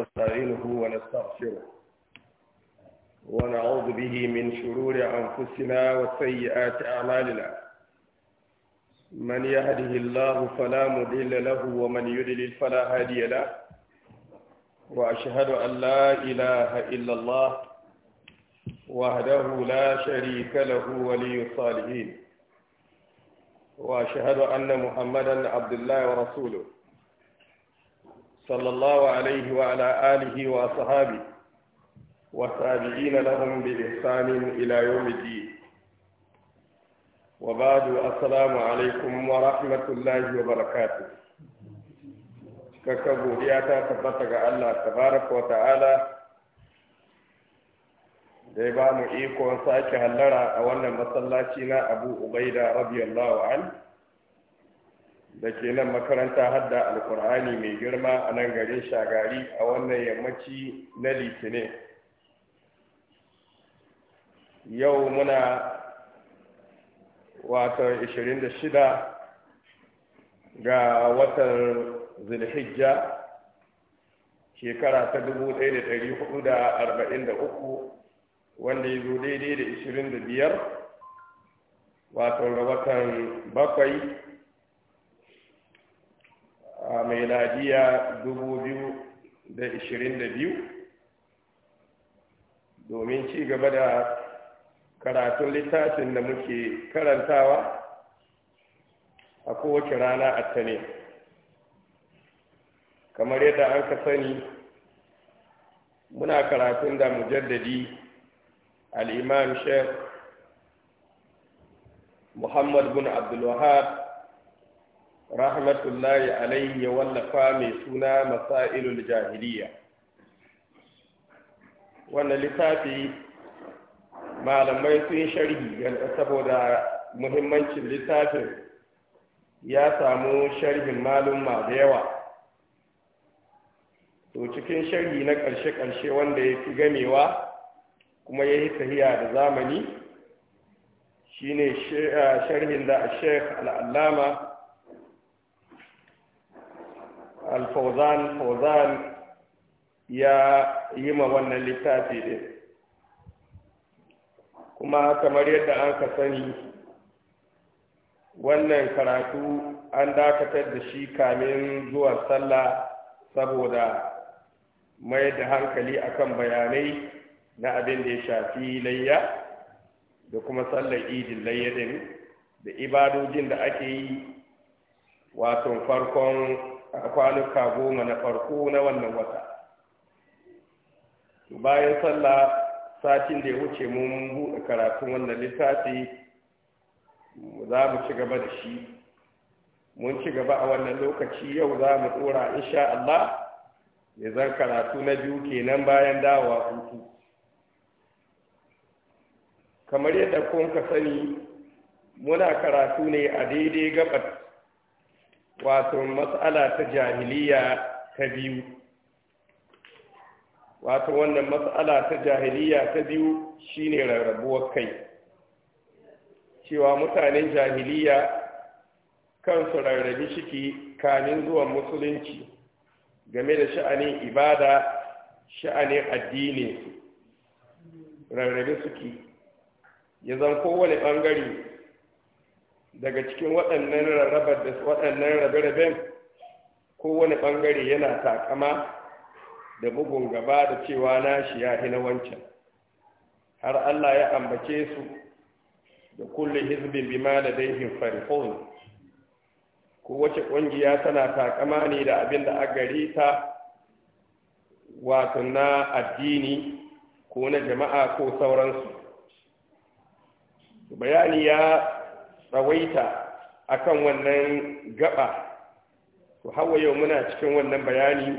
نستعينه ونستغفره ونعوذ به من شرور أنفسنا وسيئات أعمالنا من يهده الله فلا مضل له ومن يضلل فلا هادي له وأشهد أن لا إله إلا الله وحده لا شريك له ولي الصالحين وأشهد أن محمدا عبد الله ورسوله صلى الله عليه وعلى آله وأصحابه والتابعين لهم بإحسان إلى يوم الدين وبعد السلام عليكم ورحمة الله وبركاته ككبو دياتا تبتغى الله تبارك وتعالى da ya ba mu ikon sake hallara a wannan masallaci na abu ubaida radiyallahu an da ke nan makaranta hadda Alƙur'ani mai girma a nan garin shagari a wannan yammaci na litinin yau muna wata 26 ga watan zilhijja shekara ta 1443 wanda ya zo daidai da 25 wato ga watan bakwai a mailadiya 2022 domin ci gaba da karatun littafin da muke karantawa a kowace rana a tane kamar yadda an ka sani muna karatun da mujaddadi al'imam sheikh muhammad bin abdulwahab rahmatullahi alaihi ya wallafa mai suna masailul jahiliya wannan littafi malamai sun sharhi saboda muhimmancin littafin ya samu sharhin ma da yawa to cikin sharhi na ƙarshe-ƙarshe wanda ya fi gamewa kuma ya yi tahiya da zamani shine sharhin da a sheikh al'allama alfauzan fauzan ya yi ma wannan littafi ɗin kuma kamar yadda an ka sani wannan karatu an dakatar da shi kamin zuwa sallah saboda mai da hankali akan bayanai na abin da ya shafi layya da kuma sallar idin layya din da ibadojin da ake yi wato farkon A kwanuka goma na farko na wannan wata bayan sallah satin da ya wuce mun buɗe karatun wannan littafi za mu ci gaba da shi mun ci gaba a wannan lokaci yau za mu ɗora insha Allah ya zan karatu na biyu kenan bayan dawowa hutu kamar yadda kun ka sani muna karatu ne a daidai gabar wato matsala ta jahiliya ta biyu wato wannan matsala ta jahiliya ta biyu shine rarrabuwar kai cewa mutanen jahiliya kansu rarrabi shiki kamin zuwan musulunci game da sha'anin ibada sha'anin addini rarrabi suke ya zan kowane bangare. daga cikin waɗannan rarrabar da waɗannan rabe-raben kowane ɓangare yana takama da bugun gaba da cewa nashi ya na wancan har Allah ya ambace su da kullum hizbin bima da daihin farihun ko wace ƙungiya tana takama ne da abin da agari ta wato na addini ko na jama'a ko sauransu bayani ya tsawaita akan wannan gaba to hawa yau muna cikin wannan bayani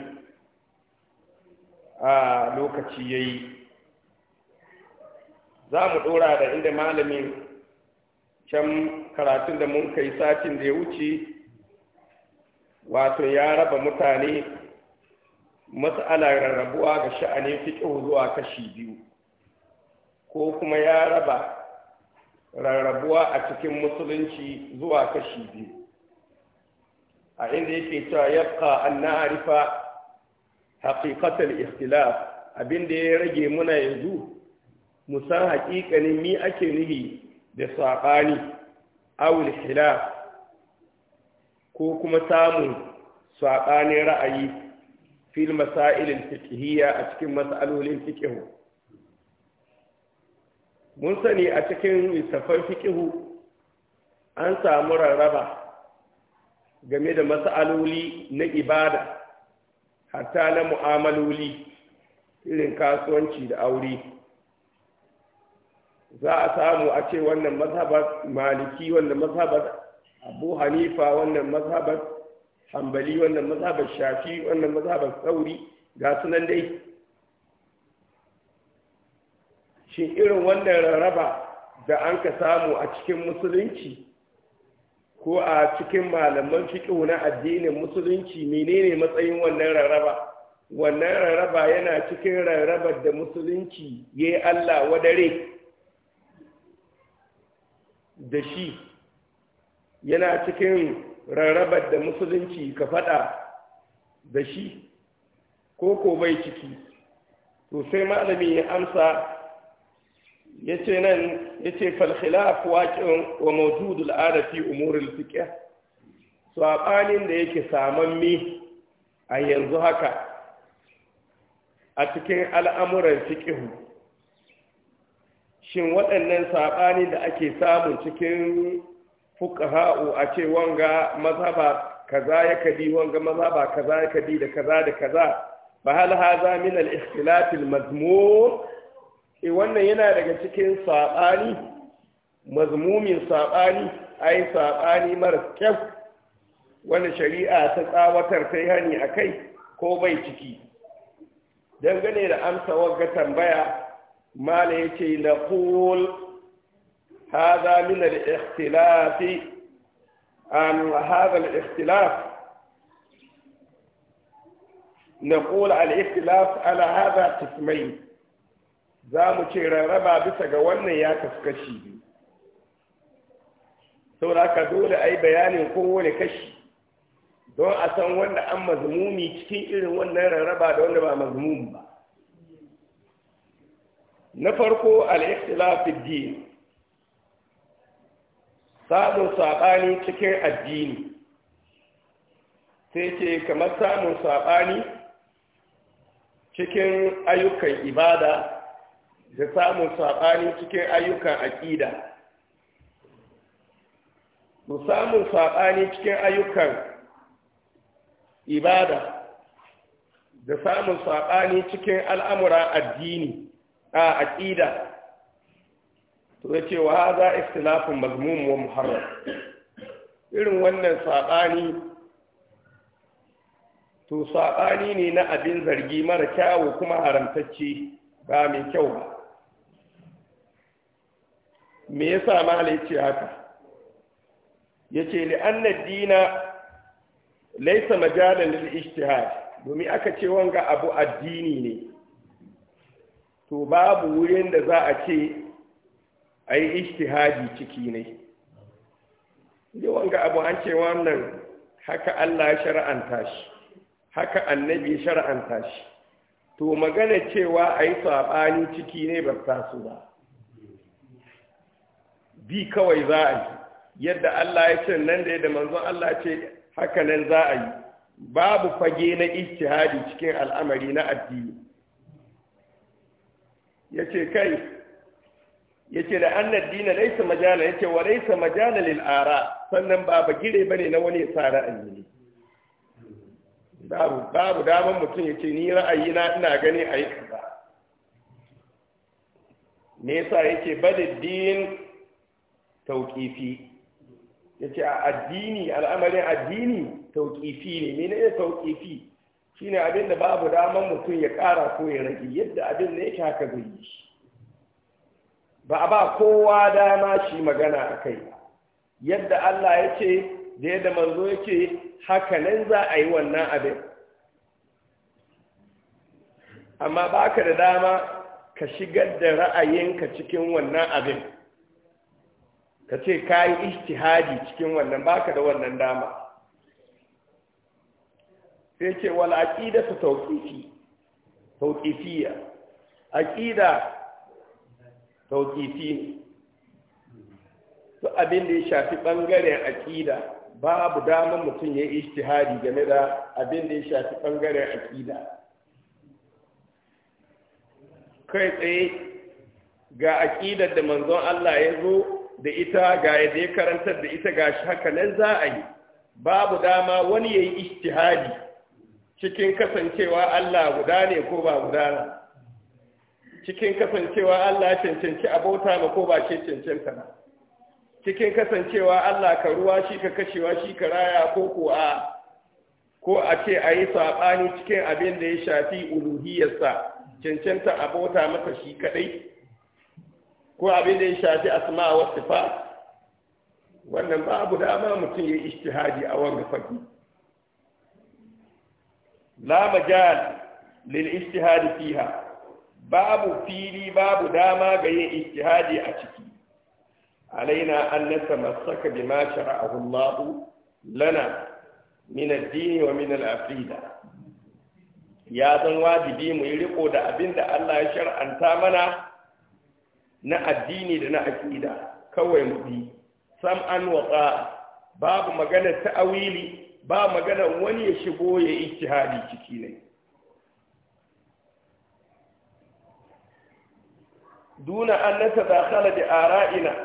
a lokaci ya yi. za mu ɗora da inda malamin can karatun da mun kai satin da ya wuce wato ya raba mutane matsalar rarrabuwa ga sha'anin fiƙo zuwa kashi biyu ko kuma ya raba rarrabuwa a cikin musulunci zuwa kashi biyu a inda yake cewa yabqa an na'rifa haqiqatal ikhtilaf abinda ya rage muna yanzu mu san haƙiƙanin mi ake nuhi da saɓani awul khilaf ko kuma samun saɓanin ra'ayi fil masailin fiqhiyya a cikin mas'alolin fiqh mun sani a cikin littafan fikihu an samu rarraba game da mas'aloli na ibada hatta na mu'amaloli irin kasuwanci da aure za a samu a ce wannan mazhabar maliki wannan mazhabar abu hanifa wannan mazhabar hambali wannan mazhabar shafi wannan mazhabar sauri ga sunan dai Shin irin wannan rarraba da an ka samu a cikin musulunci ko a cikin malaman fiƙihu na addinin musulunci menene matsayin wannan rarraba wannan rarraba yana cikin rarrabar da musulunci ya yi allah wadare da shi yana cikin rarrabar da musulunci ka faɗa da shi ko ko bai ciki to sai malami ya amsa yace nan yace fal khilaf waqi'un wa mawjud al arafi umur al fiqh da yake mi a yanzu haka a cikin al'amuran fiqh shin waɗannan saɓani da ake samun cikin fuqaha'u a ce wanga mazhaba kaza ya kadi wanga mazhaba kaza ya kadi da kaza da kaza ba hal haza min al ikhtilaf al mazmum e wannan yana daga cikin saɓani mazmumin saɓani yi saɓani mara kyau wanda shari'a ta tsawatar ta yi hani a kai ko bai ciki dangane da amsa wagga tambaya mala ya ce laƙul al-ikhtilafi an haza al-ikhtilaf نقول ala tismai za mu ce rarraba bisa ga wannan ya kasu kashi biyu da haka dole a yi bayanin kowane kashi don a san wanda an mazmumi cikin irin wannan rarraba da wanda ba mazmumi ba na farko al'ikhtilafin din samun saɓani cikin addini sai ce kamar samun saɓani cikin ayyukan ibada da samun saɓani cikin ayyukan aƙida to samun saɓani cikin ayyukan ibada da samun saɓani cikin al'amura addini a aƙida to ya ce wa haza istilafin mazmum wa muharram irin wannan saɓani to saɓani ne na abin zargi mara kyawu kuma haramtacce ba mai kyau ba me yasa malai ce haka yace li anna dina laysa majalan lil ijtihad domin aka ce wanga abu addini ne to babu wurin da za a ce ai ijtihadi ciki ne da wanga abu an ce wannan haka Allah ya shar'anta shi haka annabi ya shar'anta shi to magana cewa ai sabani ciki ne ba taso ba bi kawai za a yi yadda Allah ya ce nan da yadda manzon Allah ce haka nan za a yi babu fage na ijtihadi cikin al'amari na addini yace kai yace da anna dina laysa majala yace wa laysa majala lil ara sannan ba gire bane na wani tsara addini babu babu daman mutum yace ni ra'ayi na ina gani ayi kaza ne yasa yace badid din tauƙifi ya ce a addini al'amarin addini tauƙifi ne mene ne tauƙifi shi ne abin da babu daman mutum ya ƙara ko ya rage yadda abin da yake haka zai yi ba a ba kowa dama shi magana a kai yadda Allah ya ce da yadda manzo ya ce haka nan za a yi wannan abin amma baka da dama ka shigar da ra'ayinka cikin wannan abin ka ce ka yi ishtihadi cikin wannan baka da wannan dama sai ce wala aqida ta tawqifi tawqifiyya aqida tawqifi to abin da ya shafi bangaren aqida babu dama mutum ya yi ishtihadi game da abin da ya shafi bangaren aqida kai tsaye ga aqidar da manzon Allah ya zo da ita ga yadda ya karantar da ita ga shi haka nan za a yi babu dama wani ya yi ishtihadi cikin kasancewa Allah guda ne ko ba guda na cikin kasancewa Allah cancanci abota ma ko ba ce cancanta ba? cikin kasancewa Allah ka ruwa shi ka kashewa shi ka raya ko ko a ko a ce a yi saɓani cikin abin da ya shafi uluhiyarsa cancanta abota masa shi kadai? ko abin da ya shafi asma wa sifa wannan babu dama mutum ya ijtihadi a wanga fagi la majal lil ijtihadi fiha babu fili babu dama ga yin ijtihadi a ciki alaina an natamassaka bima shara'ahu Allah lana min ad-din wa min al-aqida ya zan wajibi mu yi riko da abin da Allah ya shar'anta mana na addini da na aƙida kawai mu bi an wa babu magana ta'awili ba magana wani ya shigo ya ijtihadi ciki ne duna an nasa dakhala bi ara'ina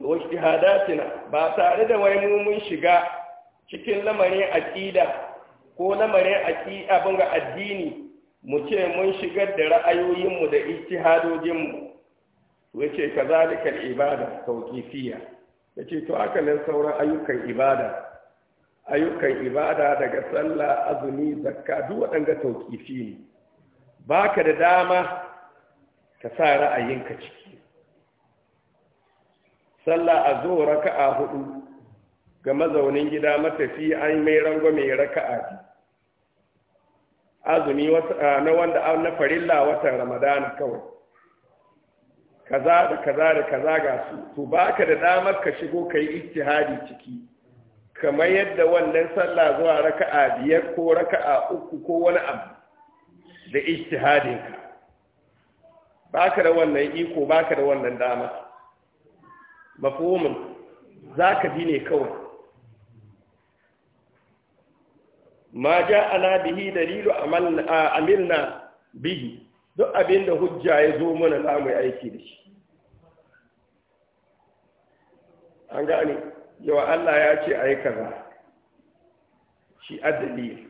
wa ijtihadatina ba tare da wai mu mun shiga cikin lamarin aqida ko lamarin aqida abin addini mu ce mun shigar da ra'ayoyinmu da ijtihadojinmu yace kazalikal ibada tawqifiyya yace to haka nan sauran ayyukan ibada ayyukan ibada daga sallah azumi zakka duk waɗanda tauƙifi ne Baka da dama ka sa ra'ayinka ciki sallah a zo raka'a hudu ga mazaunin gida matafi an mai rango mai raka'a azumi na wanda na farilla watan ramadana kawai kaza da kaza da kaza ga su to baka da damar ka shigo kai ijtihadi ciki kamar yadda wannan sallah zuwa raka'a biyar ko raka'a uku ko wani abu da ka baka da wannan iko baka da wannan dama mafhumin zaka bi ne kawai ma ja'ana bihi dalilu amalna bihi duk abin da hujja ya zo mana za mu yi aiki da shi an gane yawa Allah ya ce a yi kaza shi adali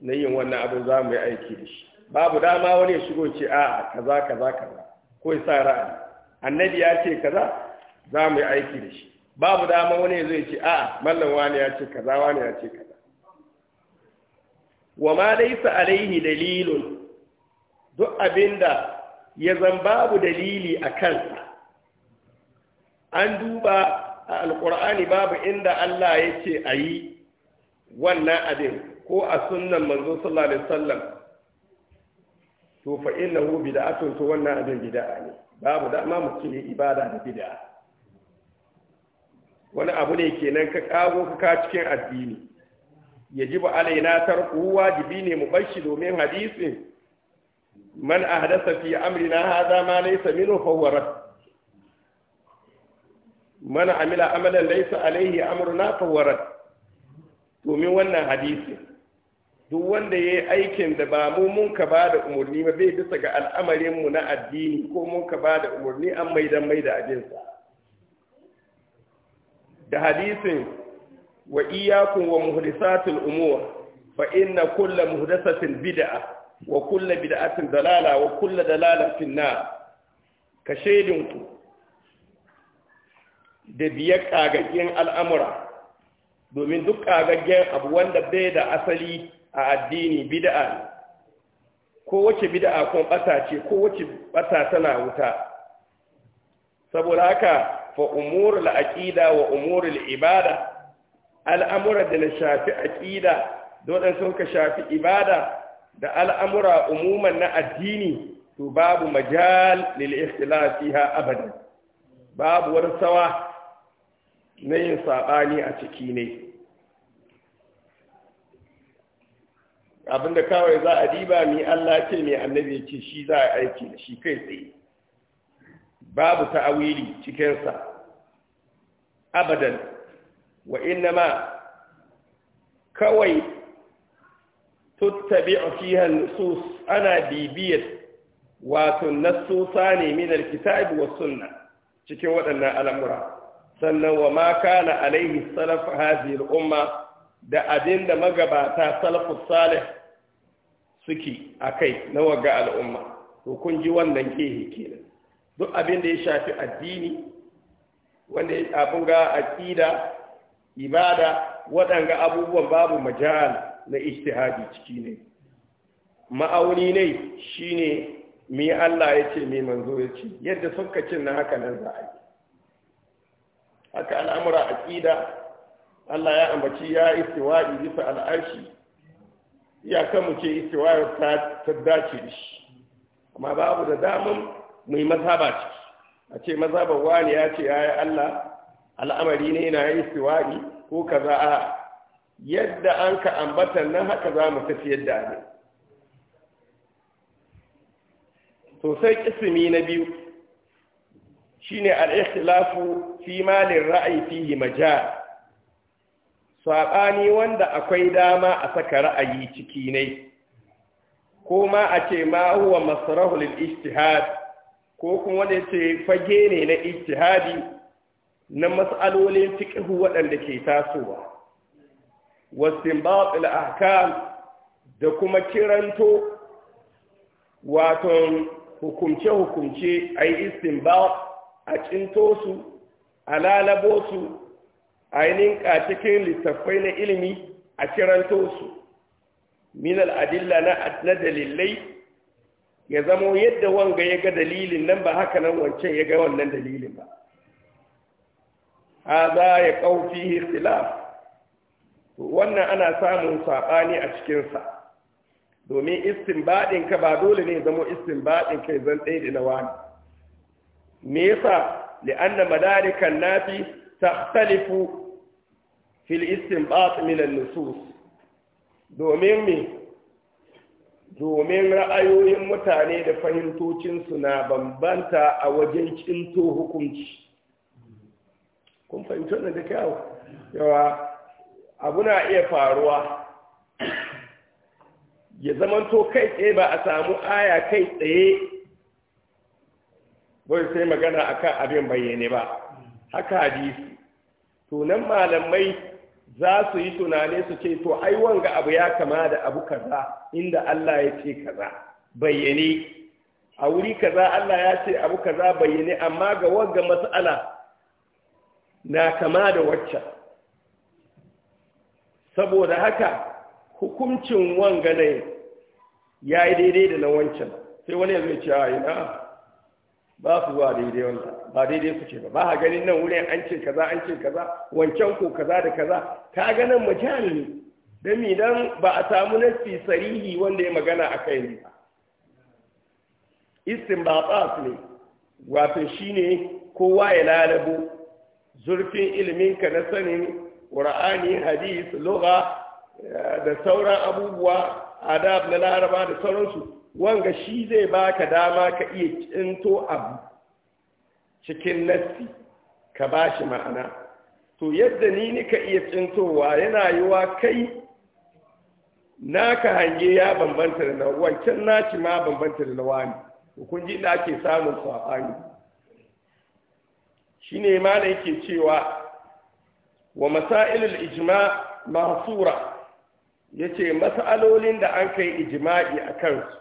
na yin wannan abin za mu yi aiki da shi babu dama wani ya shigo ce a kaza kaza kaza ko ya sa ra'ayi annabi ya ce kaza za mu yi aiki da shi babu dama wani ya zai ce a mallan wani ya ce kaza wani ya ce kaza wa ma laysa alaihi dalilun duk da ya zan babu dalili a kansa an duba a alkur'ani babu inda Allah ya ce a yi wannan abin ko a sunan manzo sallallahu alaihi wasallam to fa hu bid'atun to wannan abin bid'a ne babu da ma mutum ibada da bid'a wani abu ne kenan ka kago ka ka cikin addini yajibu alaina tarku wajibi ne mu bar shi domin hadisin man ahdasa fi amrina hadha ma laysa minhu fa huwa rad man amila amalan laysa alayhi amruna fa huwa rad domin wannan hadisi duk wanda ya yi aikin da ba mu mun ka ba da umarni ba bai bisa ga al'amarinmu na addini ko mun ka ba da umarni an maida maida abinsa da hadisin wa iyakun wa muhdisatul umur fa inna kullu muhdathatin bid'ah wa kulla bid'atin dalala wa kulla dalala finna ka shaidinku da biya kagaggen al'amura domin duk kagaggen abu wanda bai da asali a addini bid'a ko wace bid'a kun bata ce ko wace bata tana wuta saboda haka fa umurul aqida wa umurul ibada al'amura da na shafi aqida dole sun ka shafi ibada da al'amura umuman na addini to babu majal lil ikhtilaf fiha abadan babu wani sawa na yin sabani a ciki ne abinda kawai za a diba mi Allah ce mai annabi ce shi za a aiki da shi kai tsaye babu ta'awili cikinsa abadan wa ma kawai a fiha nusus ana bibiyar wato nasusa ne min alkitab wa sunna cikin waɗannan al'amura sannan wa ma kana alaihi salaf hadhihi al da abinda magabata salafus salih suke akai na waga al'umma to kun ji wannan kehe kenan duk abin da ya shafi addini wanda ya abin ga ibada waɗanga abubuwan babu majalis na ijtihadi ciki ne ma'auni ne shine mi Allah ya ce mi manzo ya ce yadda sokacin na haka nan za a yi haka al'amura aqida Allah ya ambaci ya istiwa'i bisa al'arshi iyaka mu ce istiwa'i ta dace da shi amma babu da damun mu yi mazhaba ciki a ce mazhaban wani ya ce ya yi Allah al'amari ne na istiwa'i ko kaza a yadda an ka ambata nan haka za mu yadda da abin sosai kisimi na biyu shine al-ikhtilafu fi malin ra'ayi fihi majal saɓani wanda akwai dama a saka ra'ayi ciki ne ko ma a ce ma huwa masarahu ijtihad ko kuma wanda yace fage ne na ijtihadi na mas'alolin fiqhu waɗanda ke tasowa واستنباط الأحكام da kuma kiranto waton hukumce-hukumce a yi istinbat a cinto su a su ainihin a cikin littattafai na ilimi a kiranto su minal adilla na dalilai ya zamo yadda wanga ya ga dalilin nan ba haka nan wancan ya ga wannan dalilin ba haza ya ƙaufi ikhtilaf wannan ana samun saɓani a cikinsa domin istinbadin ka ba dole ne zama istinbadin kai zan ɗaya da na wani me yasa li'anna madarikan nafi takhtalifu fil istinbat min nusus domin me domin ra'ayoyin mutane da fahimtocinsu na bambanta a wajen cinto hukunci kun fahimci wannan da kyau yawa abu na iya faruwa ya zamanto kai tsaye ba a samu aya kai tsaye bai sai magana akan abin bayyane ba haka hadisi tunan malamai za su yi tunane su ce to ai wanga abu ya kama da abu kaza inda Allah ya ce kaza bayyane a wuri kaza Allah ya ce abu kaza bayyane amma ga wanga matsala na kama da waccan saboda haka hukuncin wanga ne ya yi daidai da na wancan sai wani yanzu ya ce a ina ba su zuwa daidai wanda ba daidai su ce ba ba a ganin nan wurin an ce kaza an ce kaza wancan ko kaza da kaza ka ganin nan ne don idan ba a samu nassi sarihi wanda ya magana a kai ne istinbatas ne wato ne kowa ya lalabo zurfin ilminka na sanin ƙura'ani hadis lugha eh, da sauran abubuwa adab na laraba da sauransu wanga shi zai baka dama ka iya cinto abu cikin nassi ka bashi ma'ana to yadda ni ka iya cintowa yana yiwa kai naka hange ya bambanta da wancan naci ma bambanta da lawani kun ji da ake samun saɓani shine ma da yake cewa wa masailul ijma mahsura yace mas'alolin da an kai ijma'i akan su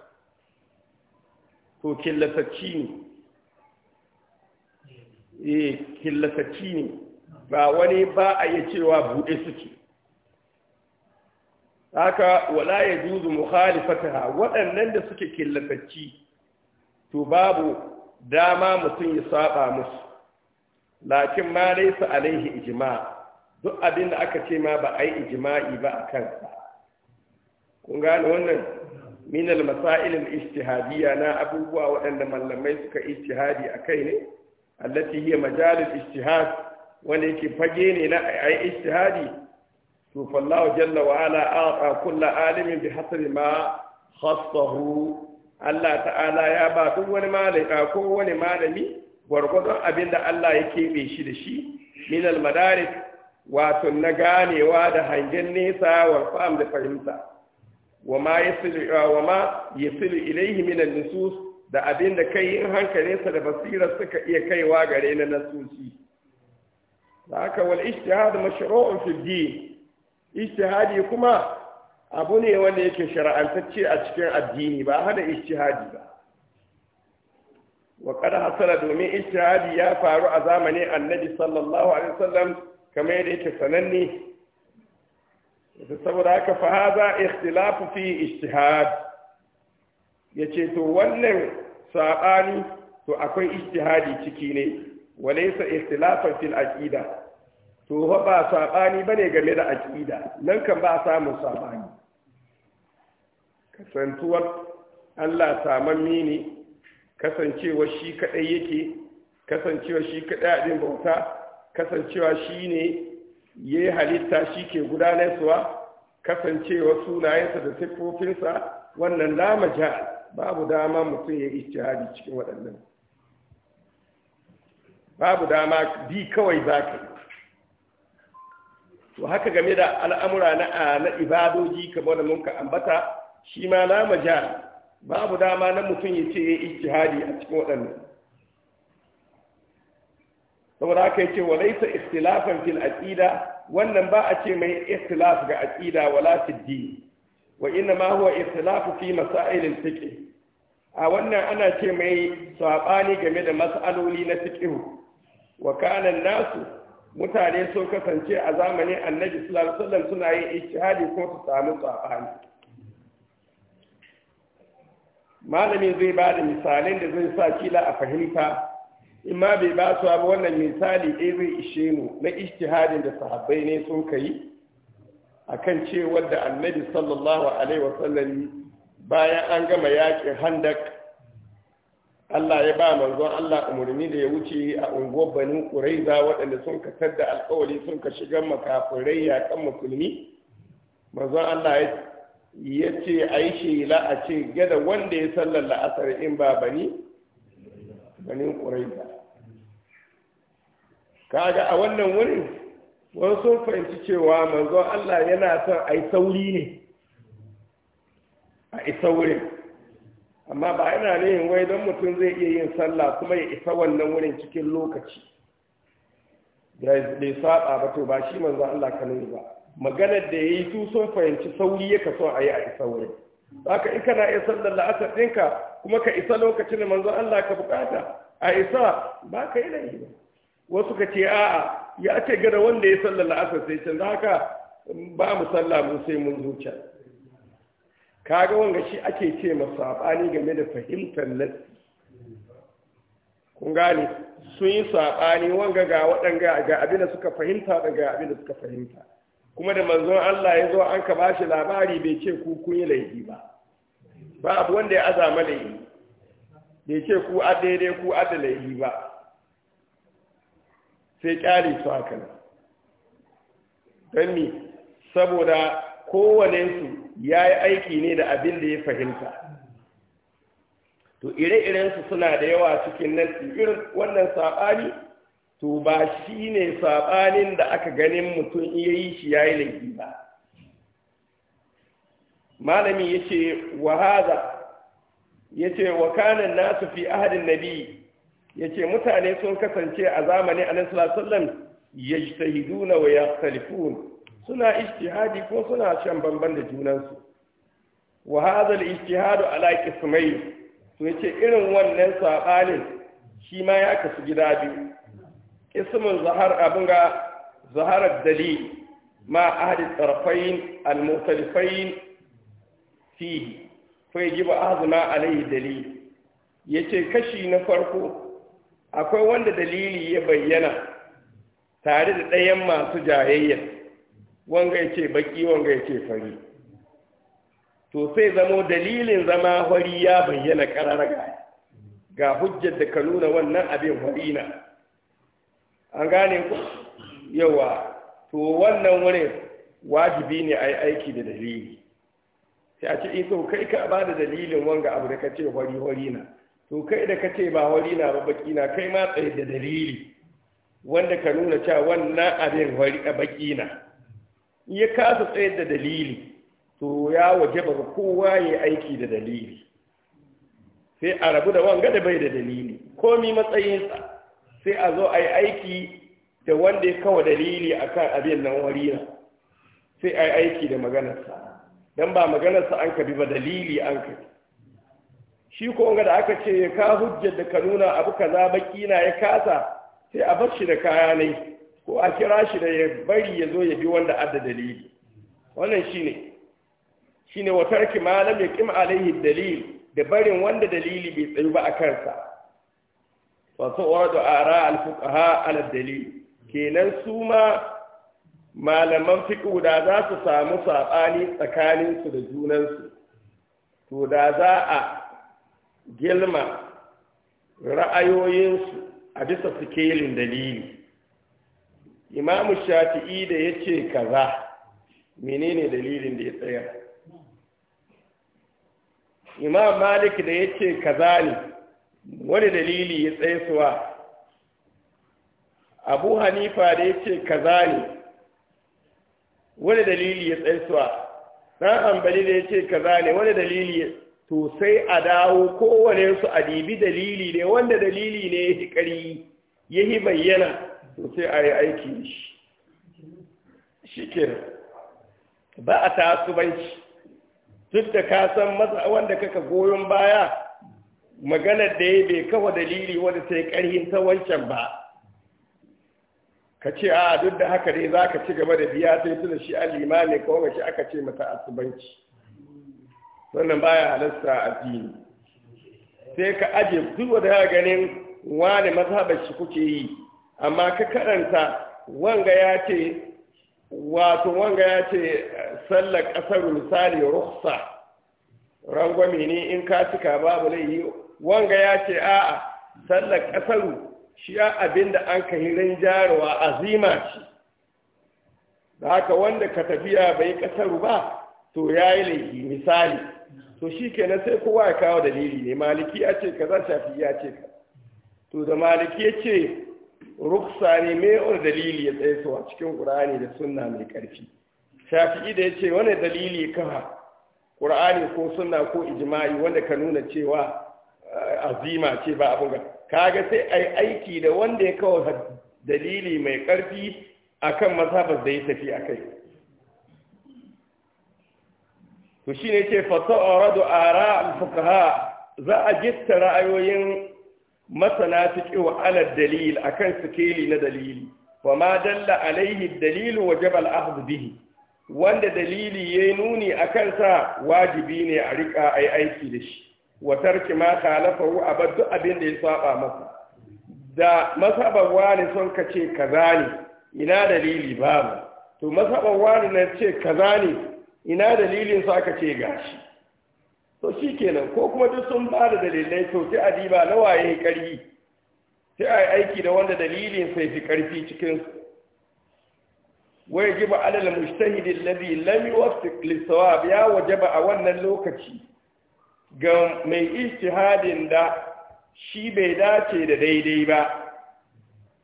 to killatacci ne eh killatacci ne ba wani ba a yi cewa bude suke haka wala ya juzu mukhalifataha waɗannan da suke killatacci to babu dama mutum ya saba musu lakin ma laysa alaihi ijma' duk abin da aka ce ma ba a yi ijima'i ba a kansa kun gane wannan minal masailin istihadiya na abubuwa waɗanda mallamai suka ijtihadi a kai ne allati hiya majalul ijtihad wani yake fage ne na a ijtihadi to fallahu jalla wa ala aqa kullu alimin bi hasabi ma khassahu Allah ta'ala ya ba duk wani malami ko wani malami gwargwadon abin da Allah ya keɓe shi da shi minal madarik wato na ganewa da hangen nesa wa fam da fahimta wa ma yasilu wa ma yasilu ilaihi min an-nusus da abinda da kai in hankalinsa da basira suka iya kaiwa gare na nasusi haka wal ijtihad mashru'un fi din ijtihadi kuma abu ne wanda yake shar'antacce a cikin addini ba hada ijtihadi ba wa qad hasala domin ijtihadi ya faru a zamanin annabi sallallahu alaihi wasallam kamar yadda yake sananne saboda haka fa haza ikhtilafu fi ijtihad yace to wannan sabani to akwai ijtihadi ciki ne walaysa ikhtilafan fil aqida to ba sabani bane game da aqida nan kan ba samun sabani kasantuwar Allah saman ne kasancewa shi kadai yake kasancewa shi kadai a bauta kasancewa shi ne ya yi halitta shi ke gudanarsuwa kasancewa sunayensa da siffofinsa wannan lama babu dama mutum ya ishtihadi cikin waɗannan babu dama bi kawai za ka yi to haka game da al'amura na ibadoji kamar da munka ambata shi ma lama babu dama na mutum ya ce ya ishtihadi a cikin waɗannan saboda haka yace walaita ikhtilafan fil aqida wannan ba a ce mai ikhtilaf ga aqida wala fi din wa inna ma huwa ikhtilaf fi masail al fiqh a wannan ana ce mai sabani game da mas'aloli na fiqh wa kana nasu mutane sun kasance a zamanin annabi sallallahu alaihi wasallam suna yin ijtihadi ko su samu sabani malamin zai ba da misalin da zai sa kila a fahimta imma bai ba su abu wannan misali ɗaya zai ishe mu na ishtihadin da sahabbai ne sun kai kan cewar da annabi sallallahu alaihi wasallam bayan an gama yakin handak Allah ya ba manzon Allah umarni da ya wuce a unguwar Banin Quraiza waɗanda sun kasar da alƙawari sun ka shiga makafirai yakan musulmi manzon Allah ya ce a yi shela a ce gada wanda ya sallar la'asar in ba bani banin ƙuraiza kaga a wannan wurin wani sun fahimci cewa manzo Allah yana son a yi sauri ne a isa wurin amma ba yana yin wai don mutum zai iya yin sallah kuma ya isa wannan wurin cikin lokaci bai saba ba to ba shi manzo Allah kanin ba maganar da ya yi su sun fahimci sauri ya kaso a yi a isa wurin haka in kana iya sallar la'asar ɗinka kuma ka isa lokacin da manzo Allah ka bukata a isa ba ka yi laifi ba wasu ka ce a'a ya ce gada wanda ya sallar la'asar sai can haka ba mu sallah mu sai mun zuciya kaga wanga shi ake ce masa sabani game da fahimtar nassi kun gane sun yi sabani wanga ga waɗanga ga abin da suka fahimta da ga abin da suka fahimta kuma da manzon Allah ya zo an ka bashi labari bai ce ku kun yi laifi ba ba abu wanda ya azama laifi bai ce ku a daidai ku a da laifi ba sai kyare su haka nan don ni saboda kowanensu ya yi aiki ne da abin da ya fahimta to ire iren su suna da yawa cikin nan irin wannan saɓani to ba shi ne saɓanin da aka ganin mutum iya yi shi ya yi laifi ba malami ya ce wa haza ya wa nasu fi ahadin nabi yace mutane sun kasance a zamani annabi sallallahu alaihi wasallam yajtahiduna wa yakhtalifun suna ijtihadi ko suna shan bamban da junansu wa hadha al-ijtihadu ala qismayn to yace irin wannan sabanin shi ma ya kasu gida biyu Ismin zahar abun ga zaharar dalil ma ahli al al Fai fihi fa yajibu ahzuma alayhi dalil yace kashi na farko akwai wanda dalili ya bayyana tare da ɗayan masu jayayya wanga ya ce baki wanga ya ce fari to sai zamo dalilin zama hori ya bayyana ƙararraga ga hujjar da ka nuna wannan abin hori na an gane ku yawa to wannan wurin wajibi ne a yi aiki da dalili sai a ce in kai ka ba da dalilin wanga abu da ka ce hori hori na to kai da kace ba wari na ba baki na kai ma tsaye da dalili wanda ka nuna cewa wannan abin wari a baki na ya kasa tsaye da dalili to ya waje ba kowa ya aiki da dalili sai a rabu da wanga da bai da dalili komi matsayinsa sai a zo a yi aiki da wanda ya kawo dalili akan abin nan wari na sai a yi aiki da maganarsa don ba maganarsa an ka bi ba dalili an ka bi shi ko ga da aka ce ya ka hujjar da ka nuna abu kaza baki na ya kasa sai a bar shi da kaya ne ko a kira shi da ya bari ya zo ya bi wanda adda dalili wannan shine shine wa tarki malam ya yaqim alaihi dalil da barin wanda dalili bai tsayu ba a kansa wa wadu ara al fuqaha ala dalil kenan su ma malaman fiqhu da za su samu sabani tsakanin su da junan su to da za a gilma ra'ayoyinsu a bisa sikelin dalili imamu shafi'i da ya ce kaza menene dalilin da ya tsaya imam malik da ya ce kaza ne wani dalili ya tsaye suwa abu hanifa da ya ce kaza ne wani dalili ya tsaye suwa ɗan ambali da ya ce kaza ne wani dalili ya to sai a dawo kowane su a dibi dalili ne wanda dalili ne ya hikari ya yi bayyana to sai a yi aiki shi shi ba a tasubanci duk da ka san wanda kaka goyon baya maganar da ya bai kawo dalili wanda sai karhin ta wancan ba ka ce a duk da haka ne za ka ci gaba da biya sai tuna shi an ne ko shi aka ce mata asubanci wannan baya halasta addini sai ka aje duk wanda ya ganin wani mazhabar shi kuke yi amma ka karanta wanga ya ce wato wanga ya ce sallar kasar misali rukhsa rangwame ne in ka cika babu laifi wanga ya ce a'a sallar kasar shi ya abinda an ka hirin jarawa azima ce da haka wanda ka tafiya bai kasar ba to ya yi laifi misali to shi kenan sai kowa ya kawo dalili ne maliki ya ce kaza shafi ya ce ka to da maliki ya ce ruksa ne mai dalili ya tsaye a cikin ƙur'ani da sunna mai ƙarfi shafi'i da ya ce wani dalili kafa ƙur'ani ko sunna ko ijma'i wanda ka nuna cewa eh, azima ce ba abin kaga sai ai aiki da wanda ya kawo dalili mai ƙarfi akan mazhabar da ya tafi a kai. to shine yake fa ta'aradu ara al za a gitta ra'ayoyin masana fiqh wa dalil akan sikeli na dalili wa ma dalla alaihi dalil wajaba al-akhdh bihi wanda dalili yayi nuni akan sa wajibi ne a rika yi aiki da shi wa tarki ma khalafahu abadu abin da ya saba masa da masabar wani son ka ce kaza ne ina dalili babu to masabar wani na ce kaza ne ina dalilin sa aka ce gashi to shi kenan ko kuma duk sun ba da dalilai to sai a diba na waye ƙarfi sai a aiki da wanda dalilin sai fi ƙarfi cikin su jiba alal ala al lam yuwaffiq lisawab ya wajaba a wannan lokaci ga mai ijtihadin da shi bai dace da daidai ba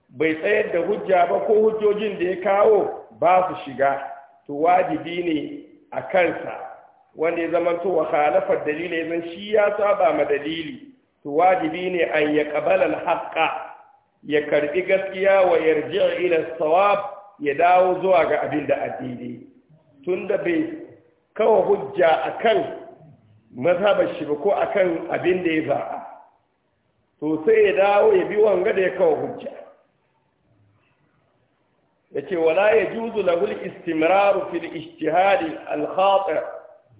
bai tsayar da hujja ba ko hujjojin da ya kawo ba su shiga to wajibi ne a kansa wanda ya zama to khalafar dalili zan shi ya saba ma dalili to wajibi ne an ya qabala al ya karbi gaskiya wa yarji'a ila sawab ya dawo zuwa ga abin da addini tunda bai kawa hujja akan mazhabar shi ba ko akan abin da ya za'a to sai ya dawo ya bi wanga da ya kawa hujja yace wala yajuzu la al-istimraru fil ijtihad al ba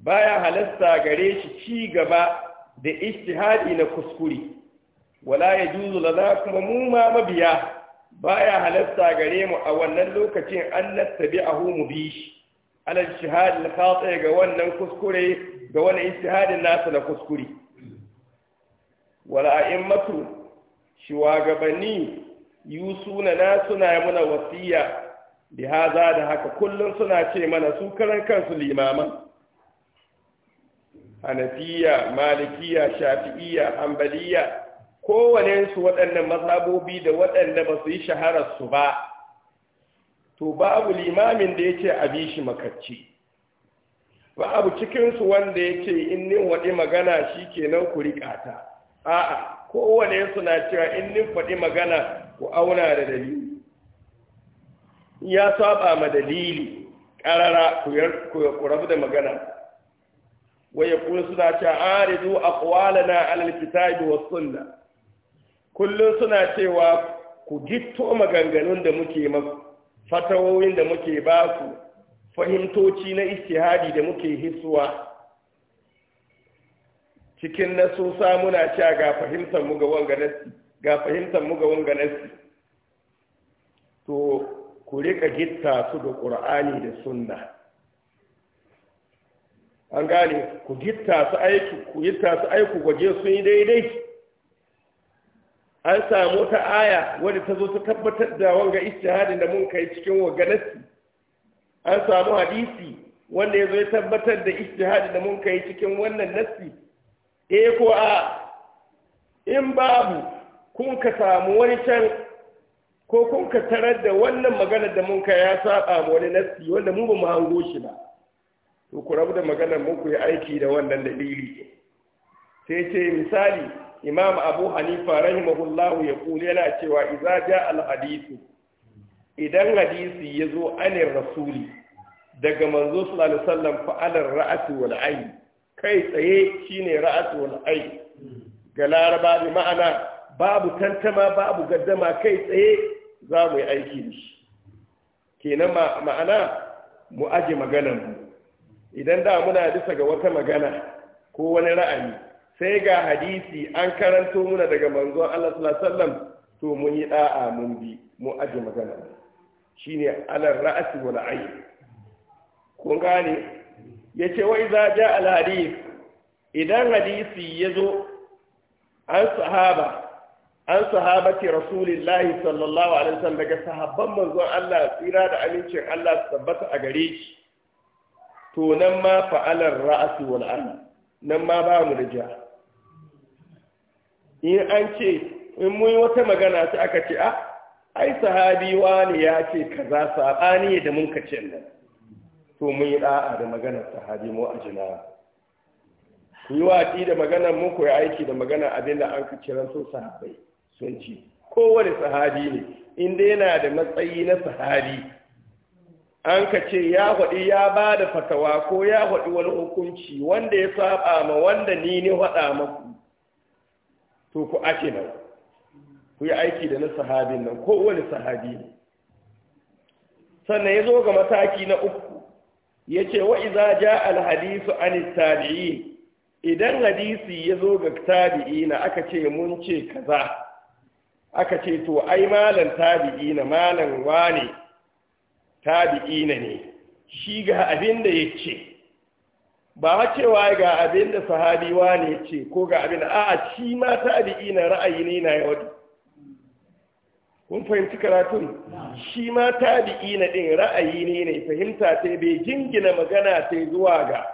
baya halasta gare shi ci gaba da ijtihadi na kuskure wala ya juzu la kuma mu ma mabiya baya halasta gare mu a wannan lokacin an nattabi'ahu mu bi shi al ijtihad al ga wannan kuskure ga wannan ijtihadin nasa na kuskure wala a'immatu shuwagabanni yusuna na suna mana wasiya bi haza da haka kullum suna ce mana su karan kansu limaman hanafiya malikiya shafi'iya ambaliya kowane su waɗannan mazhabobi da waɗanda ba su yi shahararsu ba to babu limamin da ya ce a shi makacci babu cikinsu wanda ya ce in nin waɗi magana shi kenan ku riƙata a'a kowane su na cewa in nin faɗi magana ku auna da dalili ya saba ma dalili ƙarara ku rabu da magana waya kuma suna ce arizu aqwalana alal kitabi was sunna kullun suna cewa ku gitto maganganun da muke maku fatawoyin da muke ba ku fahimtoci na istihadi da muke hisuwa cikin nasusa muna cewa ga fahimtar mu ga wanga nasi ga fahimtar mu ga wanga nasi to ku rika gitta su da qur'ani da sunna an gane ku gitta su aiki ku gitta su aiki gwaje sun yi daidai an samu ta aya wadda ta zo ta tabbatar da wanga istihadin da mun kai cikin wanga nasi an samu hadisi wanda ya zo ya tabbatar da istihadi da mun kai cikin wannan nasi eh ko a in babu kun ka samu wani can ko kun ka tarar da wannan maganar da mun ka ya saba mu wani nasi wanda mu ba mu hango shi ba to ku rabu da maganar mun ku yi aiki da wannan dalili sai ce misali imam abu hanifa rahimahullahu ya kula yana cewa idza ja al hadithu idan hadisi ya zo anin rasuli daga manzo sallallahu alaihi wasallam fa alar ra'si wal ayn kai tsaye shine ra'atu wal ayn ga laraba bi ma'ana babu tantama babu gaddama kai tsaye za mu yi aiki da shi kenan ma'ana mu aje magana mu idan da muna bisa ga wata magana ko wani ra'ayi sai ga hadisi an karanto muna daga manzon Allah sallallahu alaihi wasallam to mun yi da'a mun bi mu aje maganar mu shine alal ra'si wal ayn kun gane yace wa idza ja'a al hadith idan hadisi yazo an sahaba an sahabati rasulillahi sallallahu alaihi wasallam daga sahabban manzon Allah tsira da amincin Allah su tabbata a gare shi to nan ma fa'alar ra'asi wal arm nan ma ba mu rija in an ce in mun wata magana sai aka ce a ah, ai sahabi wani ya ce kaza sabani da mun ce nan to mun yi da'a da maganar sahabi mu ajina ku yi waƙi da maganar muku ya aiki da maganar abin da an ka kiran so sahabbai sun ci kowane sahabi ne inda yana da matsayi na sahabi an ka ce ya faɗi ya ba da fatawa ko ya faɗi wani hukunci wanda ya saba ma wanda ni ne faɗa maku to ku ake nan ku yi aiki da na sahabin nan kowane sahabi ne sannan ya zo ga mataki na uku ya ce wa iza ja alhadisu an tabi'i idan hadisi ya zo ga na aka ce mun ce kaza aka ce to ai malan na malan wane na ne shi ga abin da ya ce ba cewa ga abin da sahabi wane ya ce ko ga abin a a'a shi ma na ra'ayi ne na yawadu kun fahimci karatun shi ma na din ra'ayi ne ne fahimta ta bai jingina magana ta zuwa ga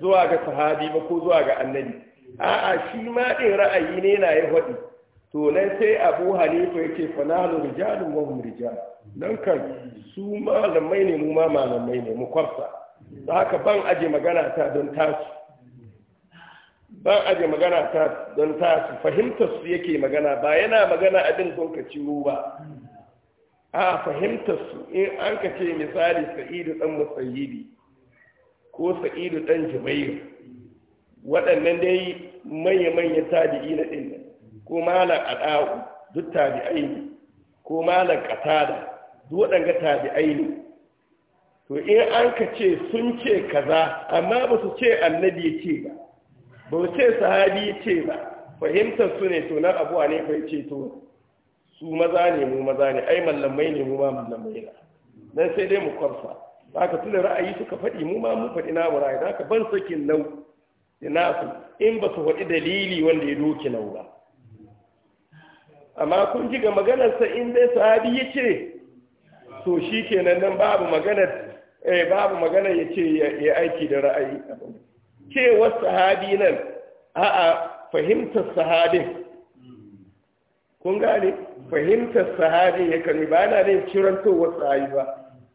zuwa ga sahabi ba ko zuwa ga annabi a'a shi ma din ra'ayi ne na yawadu to nan sai abu Halifa yake fanalu rijalu wa hum rijal nan kan su malamai ne mu ma malamai ne mu kwarsa da haka ban aje magana ta don tasu ban aje magana ta don tasu fahimta su yake magana ba yana magana abin don ka ciwo ba a fahimta su in an ka ce misali sa'idu dan musayyidi ko sa'idu dan jumair waɗannan dai manya-manya tabi'i na ɗin ko malam ada'u duk tabi'ai ne ko malam qatada duk waɗanga tabi'ai ne to in an ka ce sun ce kaza amma ba su ce annabi ya ce ba ba su ce sahabi ya ce ba fahimtar su ne to nan abuwa ne fa ce to su maza ne mu maza ne ai mallamai ne mu ma mallamai na dan sai dai mu kwarsa ka tuna ra'ayi suka faɗi mu ma mu faɗi na ra'ayi ka ban sakin nau Ina su in ba su faɗi dalili wanda ya doke nau ba amma kun ji ga maganarsa in dai sahabi ya ce to shi kenan nan babu maganar eh babu maganar ya ce ya aiki da ra'ayi cewar sahabi nan a'a fahimtar sahabin kun gane fahimtar sahabi ya kare ba na ne kirantowar sahabi ba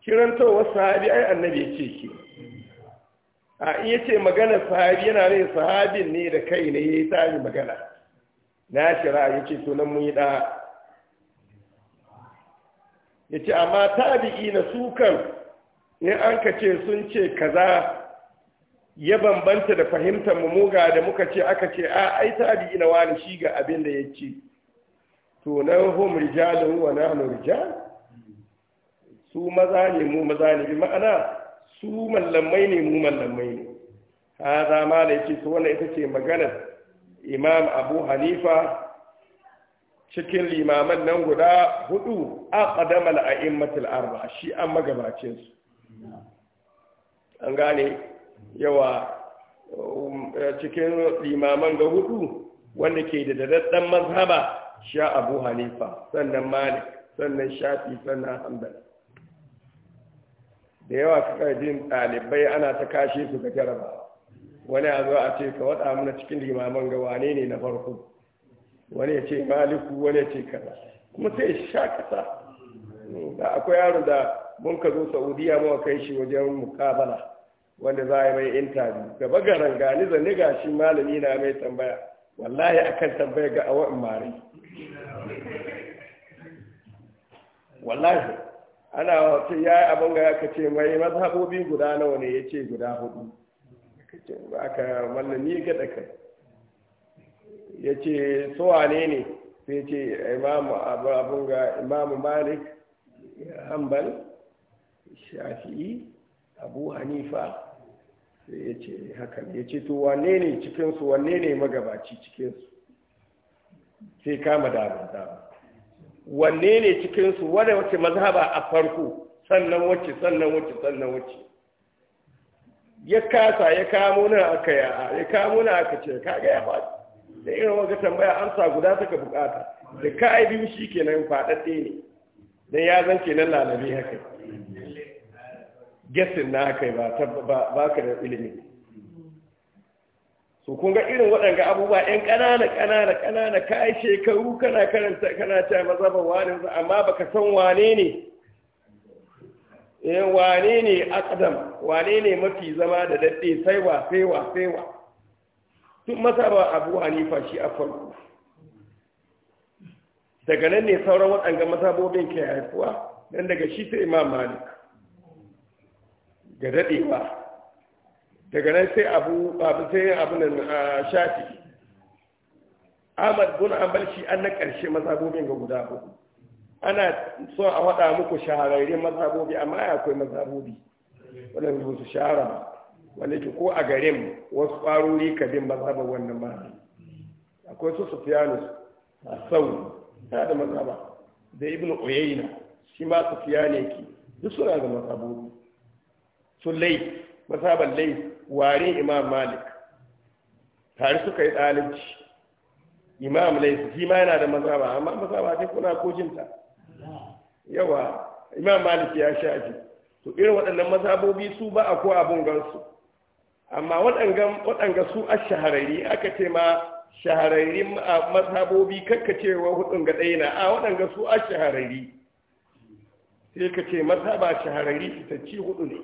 kirantowar sahabi ai annabi ya ce ki. a iya ce maganar sahabi yana ne sahabin ne da kai ne ya yi tari magana na shira ya ce to nan mun yi da ce amma tabi'i na su kan in an ka ce sun ce kaza ya bambanta da fahimtar mu muga da muka ce aka ce a ai tabi'i na wani shi ga abin da yace to nan hum rijalun wa nahnu rijal su maza ne mu maza ne bi ma'ana su mallamai ne mu mallamai ne ha za ma da yace su wannan ita ce maganar imam abu hanifa cikin limaman nan guda hudu a ƙadamal a immatul arba shi an magabacinsu an gane yawa um, cikin limaman ga hudu wanda ke da dadaddan mazhaba sha abu hanifa sannan malik sannan shafi sannan hanbal da yawa suka jin ɗalibai ana ta kashe su ga jarabawa wani ya zo a ce ka wada mana cikin limaman ga wane ne na farko wani ya ce maliku wani ya ce kaza kuma sai sha kasa da akwai yaro da mun ka zo saudiya mawa kai shi wajen mukabala wanda za a yi mai intabi gaba garan gani zane ga shi malami na mai tambaya wallahi akan tambaya ga awa mare wallahi ana wata ya abin ga ya kace mai mazhabobi guda nawa ne ya ce guda hudu wannan mallami ga daka ya ce sowane ne sai ce imamu abin ga imamu malik hanbal shafi'i abu hanifa sai ya ce haka ya ce to wanne ne cikinsu wanne ne magabaci cikinsu sai kama damar damar wanne ne cikinsu wadda wace mazhaba a farko sannan wace sannan wace sannan wace ya kasa ya kamo na aka ya ya kamo na aka ce ga ya faɗi da irin wata tambaya amsa guda suka bukata da ka yi biyu shi nan faɗaɗɗe ne dan ya zan ke nan lalabi haka Gesin na haka ba ba ka da ilimi so kun ga irin waɗanga abubuwa ƴan ƙanana ƙanana ƙanana ka yi shekaru kana karanta kana ta mazaba wani amma baka san wane ne eh wane ne akadam wane ne mafi zama da daɗe saiwa saiwa saiwa tun masaba abu hanifa shi a farko daga nan ne sauran waɗanga masabobin ke haifuwa dan daga shi sai imam malik ga daɗewa daga nan sai abu babu sai abu nan shafi ahmad bin ambal shi an na ƙarshe masabobin ga guda hudu ana so a faɗa muku shahararren mazhabobi amma akwai mazhabobi waɗanda ba su shahara ba wanda ke ko a garin wasu ƙwarori ka bin mazhaba wannan ba akwai su sufiyanus a sau ta da mazhaba da ibn uyayna shi ma sufiyane ne ke duk suna da mazhabobi su lai mazhaban lai warin imam malik tare suka yi ɗalibci imam lai shi ma yana da mazhaba amma mazhaba dai kuna ko jinta yawa imam malik ya shafi to irin waɗannan mazhabobi su ba a ko abun gansu amma waɗanga su a shahararri aka ce ma shahararrin mazhabobi kakkacewa hudun ga ɗaya na a waɗanga su a shahararri sai ka ce mazhaba shahararri fitacci hudu ne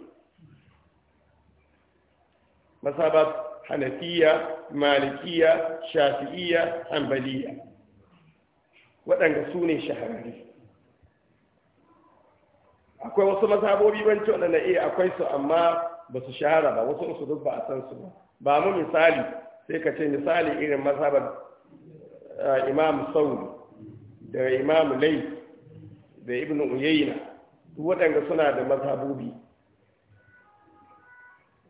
mazhaba hanafiya malikiya shafi'iya hanbaliya Waɗanga su ne shahararri akwai wasu mazhabobi ban ce na iya akwai su amma ba su shahara ba wasu su duk ba a san su ba ba mu misali sai ka ce misali irin mazhabar eh, imam sauri da imam lai da ibn uyayna duk waɗanda suna da mazhabobi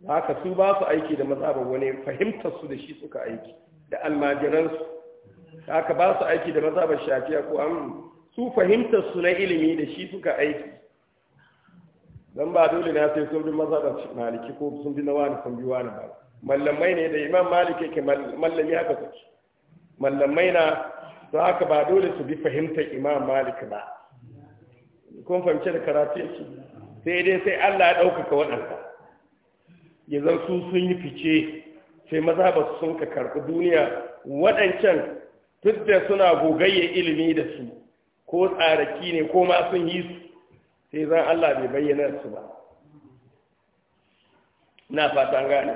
haka su ba su aiki da mazhabar wani fahimtar su da shi suka aiki da almajiransu haka ba su aiki da mazhabar shafiya ko an su fahimtar su na ilimi da shi suka aiki dan ba dole na sai sun bi mazhaban maliki ko sun bi na wani sun bi wani ba mallamai ne da imam maliki ke mallami haka suke mallamai na to haka ba dole su bi fahimtar imam maliki ba kun fahimci da karatu yake sai dai sai Allah ya ɗaukaka waɗanda ya zan su sun yi fice sai maza ba su sun ka karɓi duniya waɗancan duk da suna gogayya ilimi da su ko tsaraki ne ko ma sun yi su sai zan Allah bai bayyana su ba na fatan gane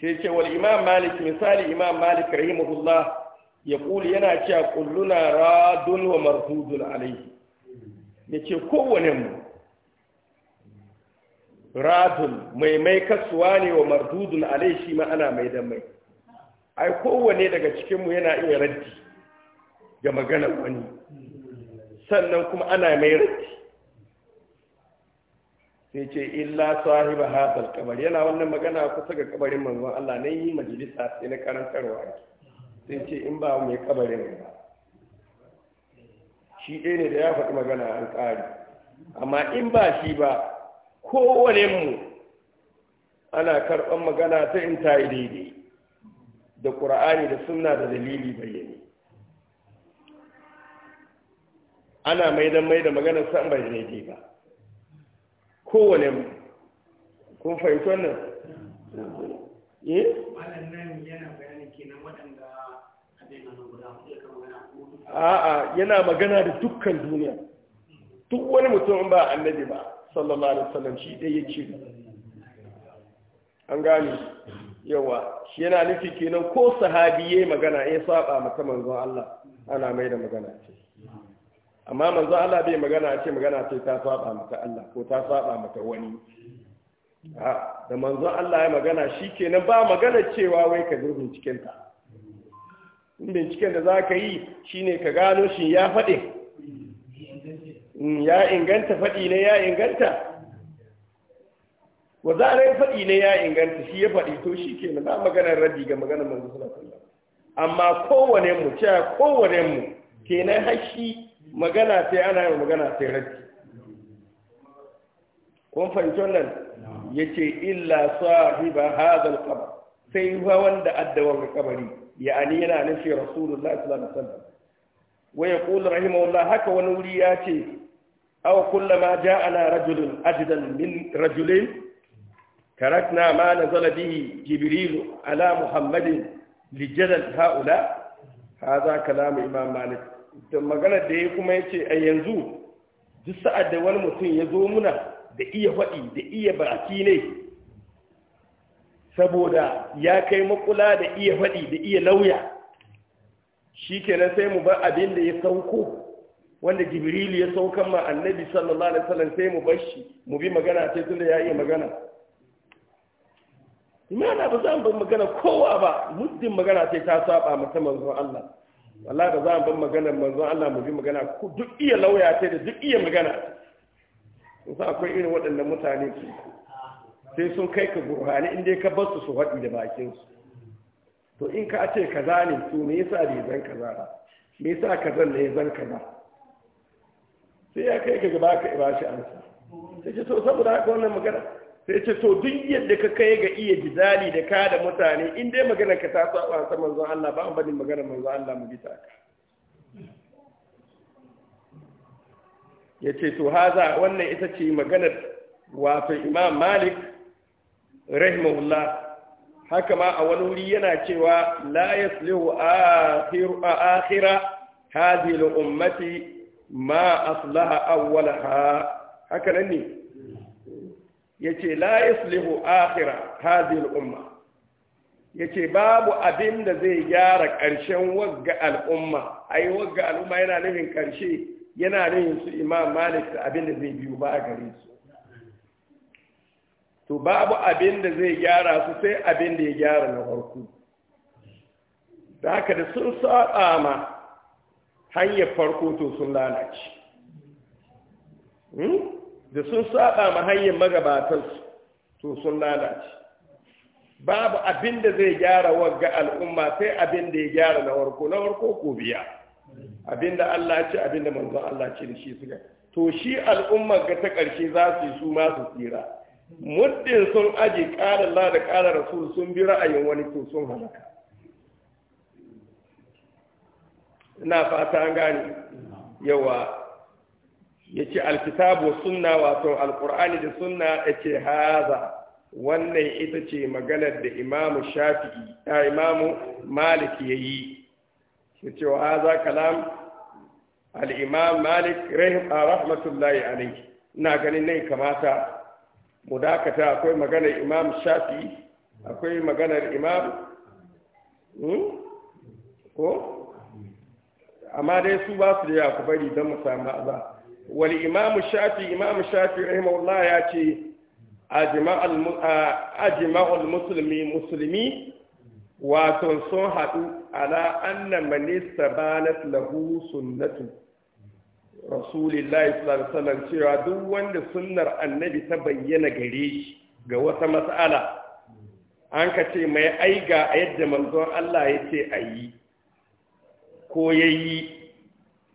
sai ce wal imam malik misali imam malik rahimahullah ya kuli yana cewa kulluna radun wa marfudun alayhi ya ce kowane mu radun mai mai kasuwa ne wa marfudun alayhi ma ana mai dan mai ai kowane daga cikinmu yana iya raddi ga maganar wani sannan kuma ana mai raddi sai ce illa sahiba hadal kabar yana wannan magana kusa ga kabarin manzon Allah ne yi majalisa sai na karantarwa sai ce in ba mai kabarin ba shi dai ne da ya faɗi magana an ƙari amma in ba shi ba kowane mu ana karɓar magana ta in ta yi daidai da ƙura'ani da sunna da dalili bayyane ana maidan maida maganar san bai daidai ba kowane mu kun fahimci wannan eh a'a yana magana da dukkan duniya duk wani mutum ba annabi ba sallallahu alaihi wasallam shi dai yake an gane yawa shi yana nufi kenan ko sahabi yayi magana ya saba mata manzon Allah ana mai da magana ce amma manzo Allah bai magana ce magana ce ta saba mata Allah ko ta saba mata wani a da manzo Allah ya magana shikenan ba magana cewa wai ka zo binciken ta binciken da zaka yi shine ka gano shi ya faɗi mm, ya inganta faɗi ne ya inganta wa za faɗi ne ya inganta shi ya faɗi to shi kenan ba maganar rabi ga maganar manzo sallallahu alaihi wasallam amma kowane mu cewa kowane mu kenan har shi magana sai ana yin magana sai raddi kun fahimci ya ce illa sahiba hadal qabr sai fa wanda addawan kabari ya'ani yana nufi rasulullahi sallallahu alaihi wasallam wa yaqul rahimahullah haka wani wuri ya ce aw kullama ja'ana rajulun ajdan min rajulin tarakna ma nazala bihi jibril ala muhammadin lijadal haula hadha kalam imam malik da magana da ya kuma yace a yanzu duk sa'ad da wani mutum ya zo muna da iya faɗi da iya baki ne saboda ya kai makula da iya faɗi da iya lauya shi kenan sai mu bar abin da ya sauko wanda jibrilu ya saukan ma annabi sallallahu alaihi wasallam sai mu bar shi mu bi magana sai tunda ya iya magana imana ba za mu bar magana kowa ba muddin magana sai ta saba mata manzon Allah wallahi da za a ban magana manzo Allah mu bi magana ku duk iya lauya ce da duk iya magana in sa akwai irin waɗannan mutane sai sun kai ka burhani inda ka bar su su haɗi da bakin su to in ka ce kaza ne to me yasa bai zan kaza ba me yasa kaza ne zan kaza sai ya kai ka gaba ka ba shi amsa sai ce to saboda haka wannan magana sai ce to duk yadda ka kai ga iya jidali da ka da mutane in dai magana ka ta saba ta manzon Allah ba an bani maganar manzon Allah mu bi ta ka yace to haza wannan ita ce maganar wato Imam Malik rahimahullah haka ma a wani wuri yana cewa la yaslihu akhira hadhihi al-ummati ma aslaha awwalaha haka nan ne yace la yuslihu akhira hadhihi al-umma yace babu abin da zai gyara karshen wagga al'umma ai wagga al'umma yana nufin ƙarshe yana nufin su imam malik da abin da zai biyu ba a gare su to babu abin da zai gyara su sai abin da ya gyara na farko da haka da sun saba ma hanyar farko to sun lalace hmm? da sun saba ma hanyar magabatansu to sun lalace babu abin da zai gyara wagga al'umma sai abin da ya gyara na warko na warko ko biya abin da Allah ce abin da manzon Allah ce da shi suka to shi al'ummar ga ta ƙarshe za su yi su ma su tsira muddin sun aji ƙara Allah da ƙara rasul sun bi ra'ayin wani to sun halaka ina fata an gane yawa yace alkitabu sunna wato alqur'ani da sunna yace haza wannan ita ce maganar da imamu shafi'i Ya imamu malik yayi yace wa haza kalam al'imam imam malik rahmatullahi alayhi ina ganin nai kamata mu dakata akwai maganar imam shafi'i akwai maganar imam hmm? ko amma dai su ba su da ya ku bari don mu samu azaba wal Imamu shafi Imamu shafi rahimahullah ya ce ajma'ul musulmi musulmi wato sun haɗu ala anna manista banat lahu sunnatu rasulillahi sallallahu alaihi cewa duk wanda sunnar annabi ta bayyana gare shi ga wata mas'ala an ka ce mai aiga a yadda manzon Allah ya ce a yi ko ya yi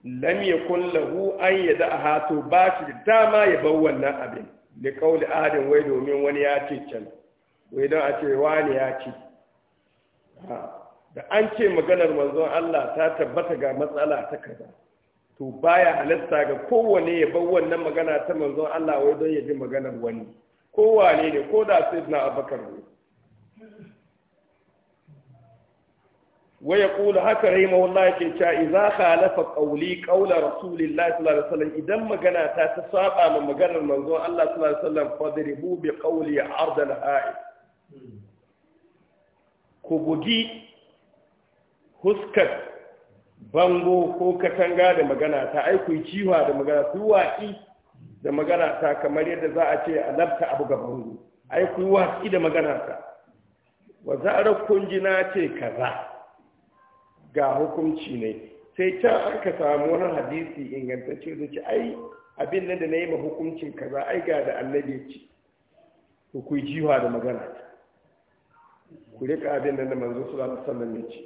lam yakun lahu an yada'aha to ba shi da dama ya bar wannan abin da kauli adin wai domin wani ya ce can wai don a ce wani ya ce da an ce maganar manzon Allah ta tabbata ga matsala ta kaza to baya halatta ga kowane ya bar wannan magana ta manzon Allah wai don ya ji maganar wani kowane ne ko da sai na abakar ne wa yaqulu haka rahimahullah yake cewa idza khalafa qawli qawla rasulillahi sallallahu alaihi wasallam idan magana ta ta saba ma maganar manzon Allah sallallahu alaihi wasallam fadribu bi qawli arda al-ha'id ku bugi huskar bango ko katanga da magana ta aiku jiwa da magana ku waƙi da magana kamar yadda za a ce a labta abu ga ku yi waƙi da magana ta wa za'arar kunji na ce kaza ga hukunci ne sai can ka samu wani hadisi ingantacce da ce ai abin nan da na yi ma hukuncin a yi ga da annabi ce ku yi jiwa da magana ku rika abin nan da manzo su alaihi sannan ya ce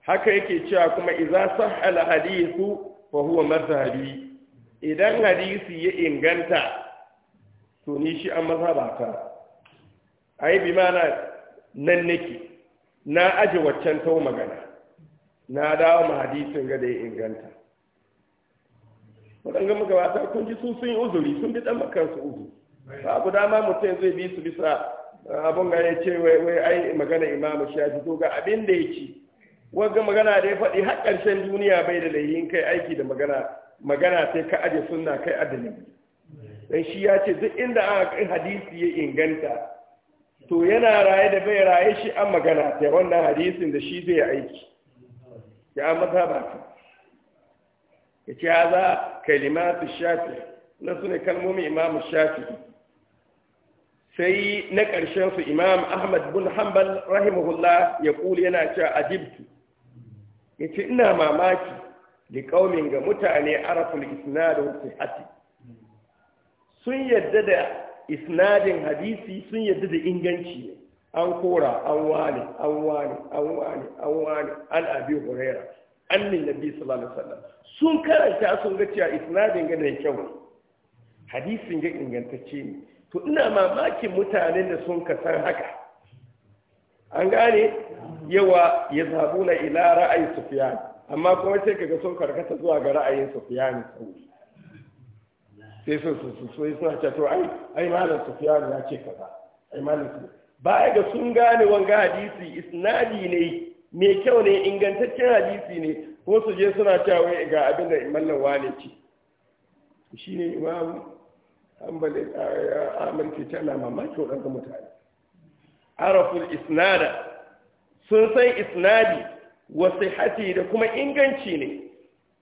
haka yake cewa kuma idza sahha hadithu fa huwa madhhabi idan hadisi ya inganta to ni shi an mazhabata ai bi mana nan nake na aje waccan tau magana na dawo ma hadisin ga da ya inganta waɗanda magabata kun ji sun yi uzuri sun bi ɗan makansu ba babu dama mutum zai bi su bisa ah, abin ga ya ce wai ai magana imamu shafi to ga abin da ya ci wagga magana da ya faɗi har ƙarshen duniya bai da laihin kai aiki da magana magana sai ka aje sunna kai adalin dan shi ya ce duk inda aka kai hadisi ya inganta to yana raye da bai raye shi an magana sai wannan hadisin da shi zai aiki ya mata ba ta ya ce za kalimatu shafi na su ne kalmomin imamu shafi sai na ƙarshen su imam ahmad bin hanbal rahimahullah ya kuli yana cewa ajibtu ya ce ina mamaki da ƙaumin ga mutane arafin isna da hati sun yadda da isnadin hadisi sun yadda da inganci an kora an wani an wani an wani an wani an abi huraira annin nabi sallallahu alaihi wasallam sun karanta sun ga cewa isnadin ga da kyau hadisin ga ingantacce ne to ina mamakin mutanen da sun kasar haka an gane yawa ya zabu na ila ra'ayi Sufiyani, amma kuma sai kaga sun karkata zuwa ga ra'ayin Sufiyani. sauri sai sun sun sun suna ce to ai ai malam sufyan ya ce kaza ai malam su ai ga sun gane wanga hadisi isnadi ne mai kyau ne ingantaccen hadisi ne ko su je suna cewa ga abin da mallan wane ce shine imam hanbali amal ke tana mamaki waɗanda mutane araful isnada sun san isnadi wasu hati da kuma inganci ne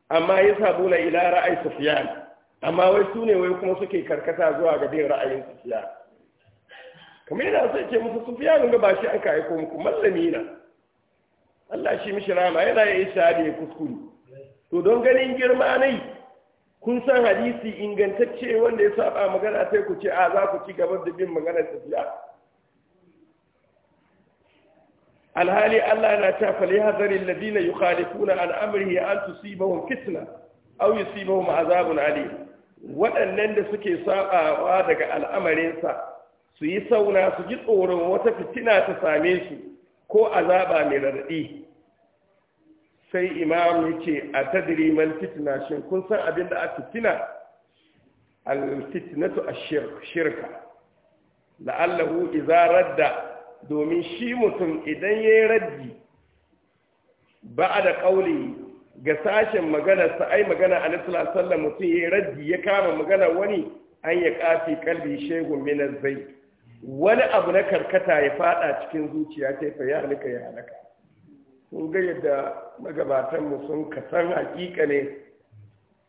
amma ya sabula ila ra'ayi sufiyan amma wai su ne wai kuma suke karkata zuwa ga bin ra'ayin sufiya kamar yana sai ce musu sufiya ga ba shi an ka aiko muku mallami na Allah shi mishi rama yana ya isa da ya kuskure to don ganin girma nai kun san hadisi ingantacce wanda ya saba magana sai ku ce a za ku ci gaba da bin maganar tafiya alhali Allah na ta fali hazarin ladina yukhalifuna an amrihi an tusibahum fitna aw yusibahum azabun alim waɗannan da suke saɓawa daga al'amarinsa su yi sauna su ji tsoron wata fitina ta same su ko azaba mai raɗaɗi sai imam yake a ta diriman fitina shi kun san abin da a fitina alfitinatu a shirka la'allahu iza radda domin shi mutum idan ya yi raddi ba da ƙaunin. ga sashen magana sa ai magana a sallallahu alaihi mutum yayi raddi ya kama magana wani an ya kafi kalbi shehu, minar zai wani abu na karkata ya fada cikin zuciya ta fa ya halaka ya halaka sun ga yadda magabatan mu sun kasan hakika ne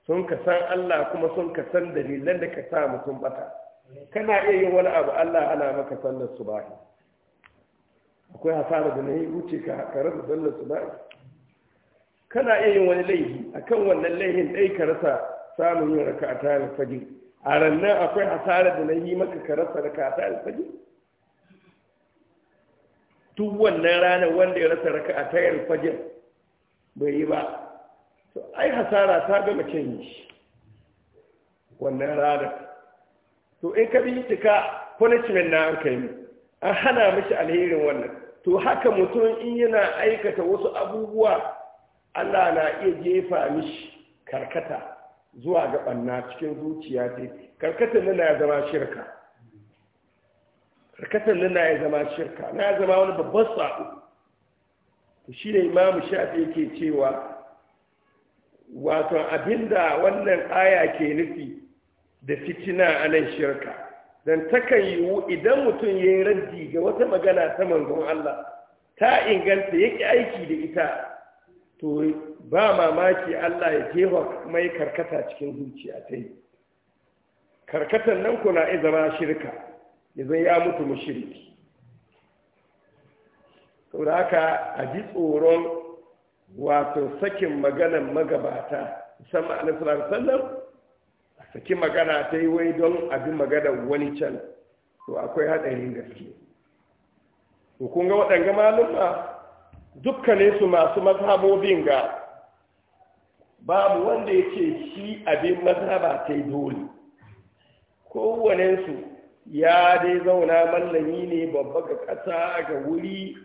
sun kasan Allah kuma sun kasan dalilan da ka sa mutum bata kana iya yin wani abu Allah ana maka sannan su subahi akwai hasara da na yi wuce ka da sannan su subahi kana iya yin wani laifi a kan wannan laifin ɗai ka rasa samun yin raka a tare fage a rannan akwai hasarar da na yi maka ka rasa raka a tare fage duk wannan ranar wanda ya rasa raka a tare fage bai yi ba to ai hasara ta gama cin shi wannan ranar to in ka bi cika punishment na an kai an hana mishi alherin wannan to haka mutum in yana aikata wasu abubuwa Allah na iya jefa mishi karkata zuwa ga ɓanna cikin zuciya ce Karkata nuna ya zama shirka Karkata nuna ya zama shirka na ya zama wani babban sa'o shi ne imamu shafi yake cewa wato abinda wannan aya ke nufi da fitina a nan shirka don takan yiwu idan mutum ya yi raddi ga wata magana ta manzon Allah ta inganta yake aiki da ita to ba mamaki Allah ya jefa mai karkata cikin zuciya ta yi karkatan nan kuna iya zama shirka zai ya mutu mushriki Da haka a ji tsoron wato sakin maganan magabata musamman a nasarar sallam a saki magana ta yi wai don a abin maganar wani can to akwai haɗarin gaske Ko kun ga waɗanga malumma Dukkaninsu su masu mazhabobin ga babu wanda ya shi abin mazhaba ta dole kowanensu ya dai zauna mallami ne babba ga ƙasa ga wuri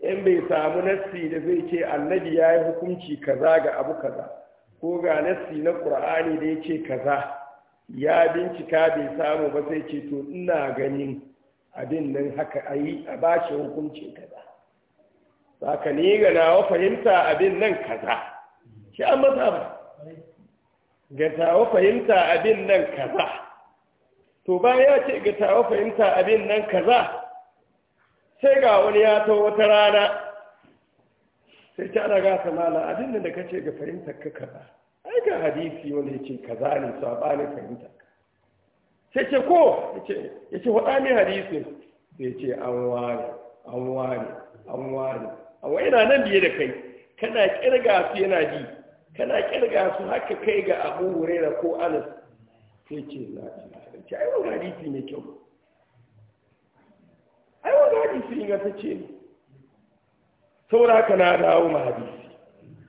in bai samu nassi da zai ce annabi ya yi hukunci kaza ga abu kaza ko ga nassi na ƙur'ani da ya ce kaza ya bincika bai samu ba sai ce to ina ganin abin nan haka a yi a bashi hukuncin kaza haka ni ga nawa fahimta abin nan kaza shi an masa ba ga tawa fahimta abin nan kaza to ba ya ce ga tawa fahimta abin nan kaza sai ga wani ya to wata rana sai ta daga gasa mala abin da kace ga fahimtar ka kaza ai ga hadisi wanda yake kaza ne sabanin fahimtar ka sai ce ko yace yace wada hadisi. sai ce an ware an ware an ware amma yana nan biye da kai kana kirga su yana ji kana kirga su haka kai ga abu huraira ko anas sai ce na ce ai wani hadisi ne kyau ai wani hadisi ne ta ce ne saboda haka na dawo ma hadisi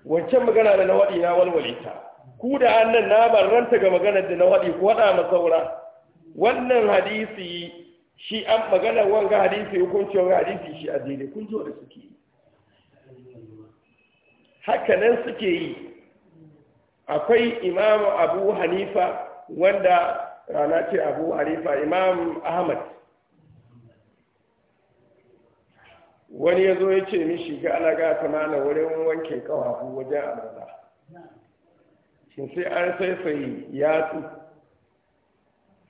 wancan magana da na waɗi na walwale ta ku da annan na barranta ga maganar da na waɗi ku waɗa ma saura wannan hadisi shi an magana wanga hadisi hukuncin hadisi shi a daidai kun zo da suke Haka nan suke yi akwai imam abu hanifa wanda rana ce abu hanifa imam ahmad wani ya zo ya ce mishi ga alaga ta mana wurin wankin kawafu wajen amurda shin sai an saifayi ya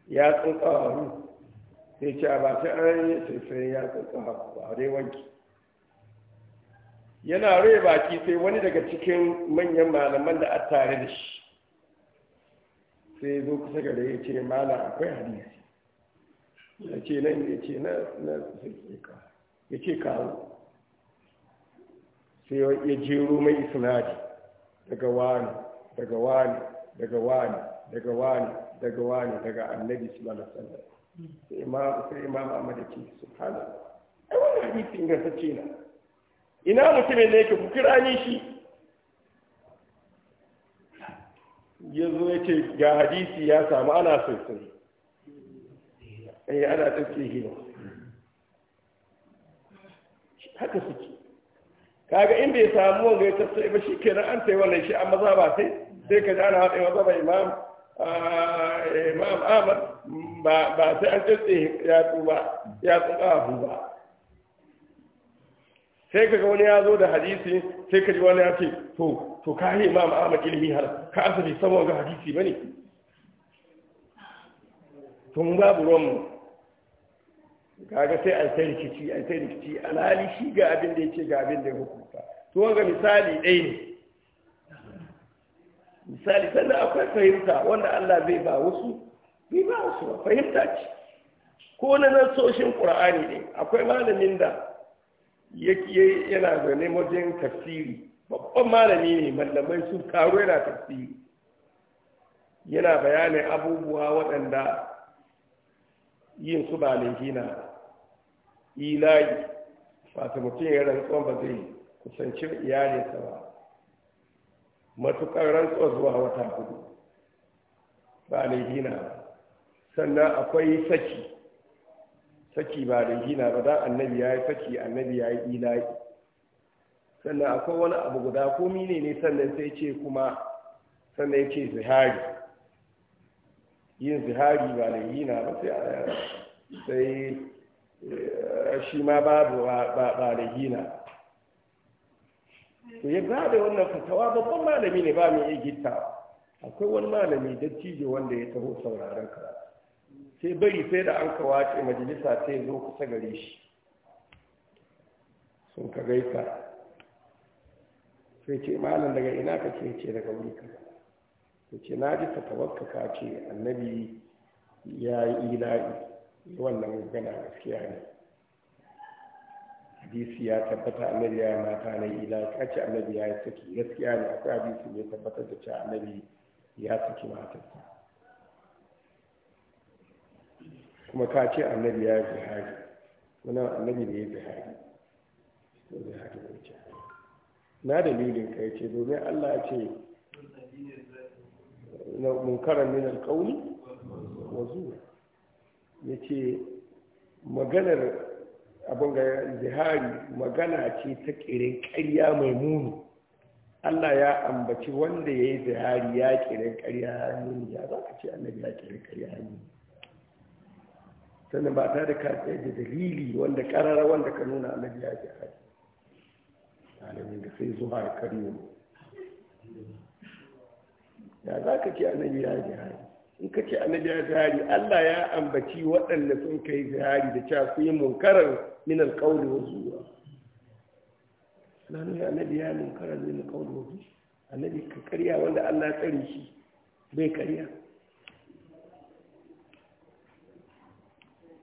yatsun kawafu sai ce a ba sai an yi saifayi yatsun kawafu ba dai wanke. yana rai baki sai wani daga cikin manyan malaman da a tare da shi sai zo kusa gare ya ce mala akwai hadisi ya ce nan ya ce na na ya ce kawo sai ya jero mai isnadi daga wani daga wani daga wani daga wani daga wani daga annabi sallallahu alaihi wasallam sai imam sai imam Ahmad ya ce subhanallah ai wannan hadisi ingantacce ne ina mutumin ne yake kukira kira ni shi ya zo ya ce ga hadisi ya samu ana sosai eh ana tsakiyar hira haka suke kaga in bai samu wanda ya tattara ba shi kenan an sai wannan shi an maza ba sai sai ka ji ana haɗe maza ba imam imam ahmad ba sai an tsatsi ya tsuba ya tsuba ba sai kaga wani ya zo da hadisi sai kaji wani ya ce to to ka yi imam ahmad ilimi har ka asali saboda ga hadisi bane to mun babu ruwan mu kaga sai a sai rikici a sai rikici alhali shi ga abin da yake ga abin da ya hukunta to wanga misali ɗaya ne misali sannan akwai fahimta wanda Allah bai ba wasu bai ba wasu fahimta ce ko na nasoshin Qur'ani ne akwai malamin da yana zaune wajen tafsiri babban malami ne mallamai sun karo yana tafsiri yana bayanin abubuwa waɗanda yin su ba na ilayi fata mutum ya rantsuwan ba zai kusanci iyalinsa ba matuƙar rantsuwa zuwa wata hudu ba na. sannan akwai saki saki ba da gina ba dan annabi ya yi saki annabi ya yi ila'i sannan akwai wani abu guda ko mine ne sannan sai ce kuma sannan ya ce zihari yin zihari ba da gina ba sai eh, shi ma babu ba da gina to ya gada wannan fatawa babban malami ne ba mai iya gittawa akwai wani malami dattijo wanda ya taho sauraron karatu sai bari sai da an kawace majalisa sai zo kusa gare shi sun ka gaisa sai ce malam daga ina ka ce ce daga wuri ka ta ce na ji ka tawakka ka ce annabi ya yi ila'i wannan gana gaskiya ne hadisi ya tabbata annabi ya mata na ila'i ka ce annabi ya yi saki gaskiya ne akwai hadisi ne tabbatar da ce annabi ya saki matarsa kuma ka ce annabi ya yi zihari muna annabi da ya yi zihari to zihari ko ce na dalilin ka ya ce domin allah ce na munkarar minar ƙauni wa zuwa ya ce maganar abin ga zihari magana ce ta ƙirin ƙarya mai muni Allah ya ambaci wanda ya yi zihari ya ƙirin ƙarya hannu ya za ka ce annabi ya ƙirin ƙarya hannu sannan ba ta da ka da dalili wanda karara wanda ka nuna annabi ya ji haji alamin da sai zuwa ya karyo ya za ka ce annabi ya ji haji in ka ce annabi ya ji haji Allah ya ambaci waɗanda sun kai zihari da cewa su yi munkarar min alƙawli wa zuwa lalu ya annabi ya munkarar min alƙawli wa zuwa annabi ka karya wanda Allah ya tsare shi bai karya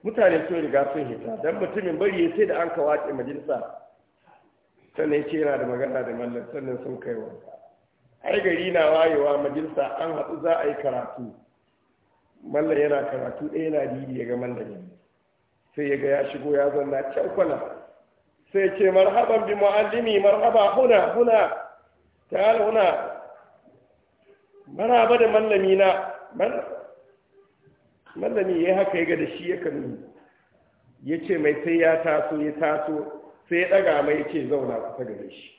mutane sun riga sun hita don mutumin bari ya sai da an kawace majalisa sannan ce yana da magana da mallar sannan sun kai wanka ai gari na wayewa majalisa an haɗu za a yi karatu mallar yana karatu ɗaya yana didi ya ga mallar sai ya ga ya shigo ya zanna can kwana sai ce marhaban bi mu'allimi marhaba huna huna ta'ala huna maraba da mallami na mallami ya haka ya ga da shi ya kan ya ce mai sai ya taso ya taso sai ya ɗaga mai ya ce zauna kusa gare shi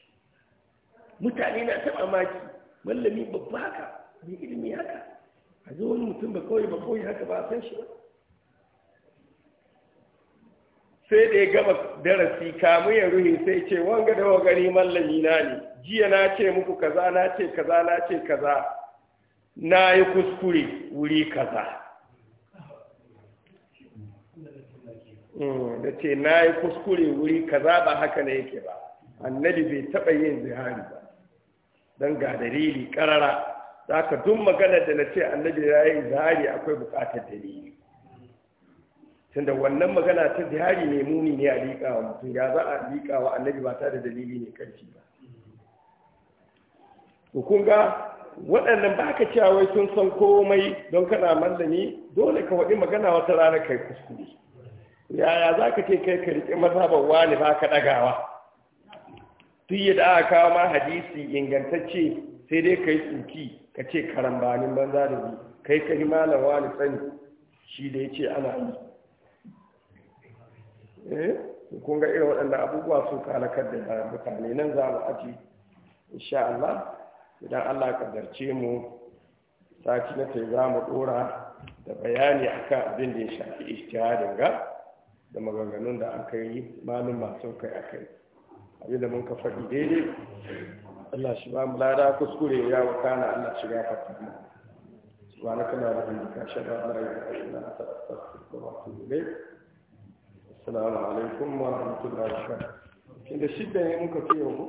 mutane na taɓa maki mallami babba haka mai ilimi haka a zo wani mutum ba kawai ba kawai haka ba san shi ba sai da ya gama darasi kamun ya ruhe sai ce wanga da wagari mallami na ne jiya na ce muku kaza na ce kaza na ce kaza na yi kuskure wuri kaza da mm, ce na yi kuskure wuri kaza ba haka ne yake ba annabi bai taɓa yin zihari ba don ga dalili ƙarara za ka dun magana da na ce annabi ya yi zihari akwai buƙatar dalili tunda wannan magana ta zihari mai muni ne a liƙawa mutum ya za a liƙawa annabi ba ta da dalili ne ƙarfi ba hukunga waɗannan ba ka cewa wai sun san komai don kana mallami dole ka waɗi magana wata rana kai kuskure yaya za ka ce kai ka riƙe mazhabar wani ba ka ɗagawa yi da aka kawo ma hadisi ingantacce sai dai ka yi tsuki ka ce karambanin banza da bi kai ka yi malam wani sani shi da ya ce ana yi eh kun ga irin waɗanda abubuwa sun kalakar da mutane nan za mu aji insha Allah idan Allah darce mu sati na ta za mu ɗora da bayani akan abin da ya shafi ijtihadin ga da maganganun da aka yi malin masu kai a kai abin da mun ka faɗi daidai Allah shi ba mu lada kuskure ya wakana Allah shi ga faɗi subhanaka la ilaha illa a astaghfiruka wa atubu ilayk wa atubu ilayk assalamu alaikum wa rahmatullahi wa barakatuh kin da shi shidda ne muka ce yau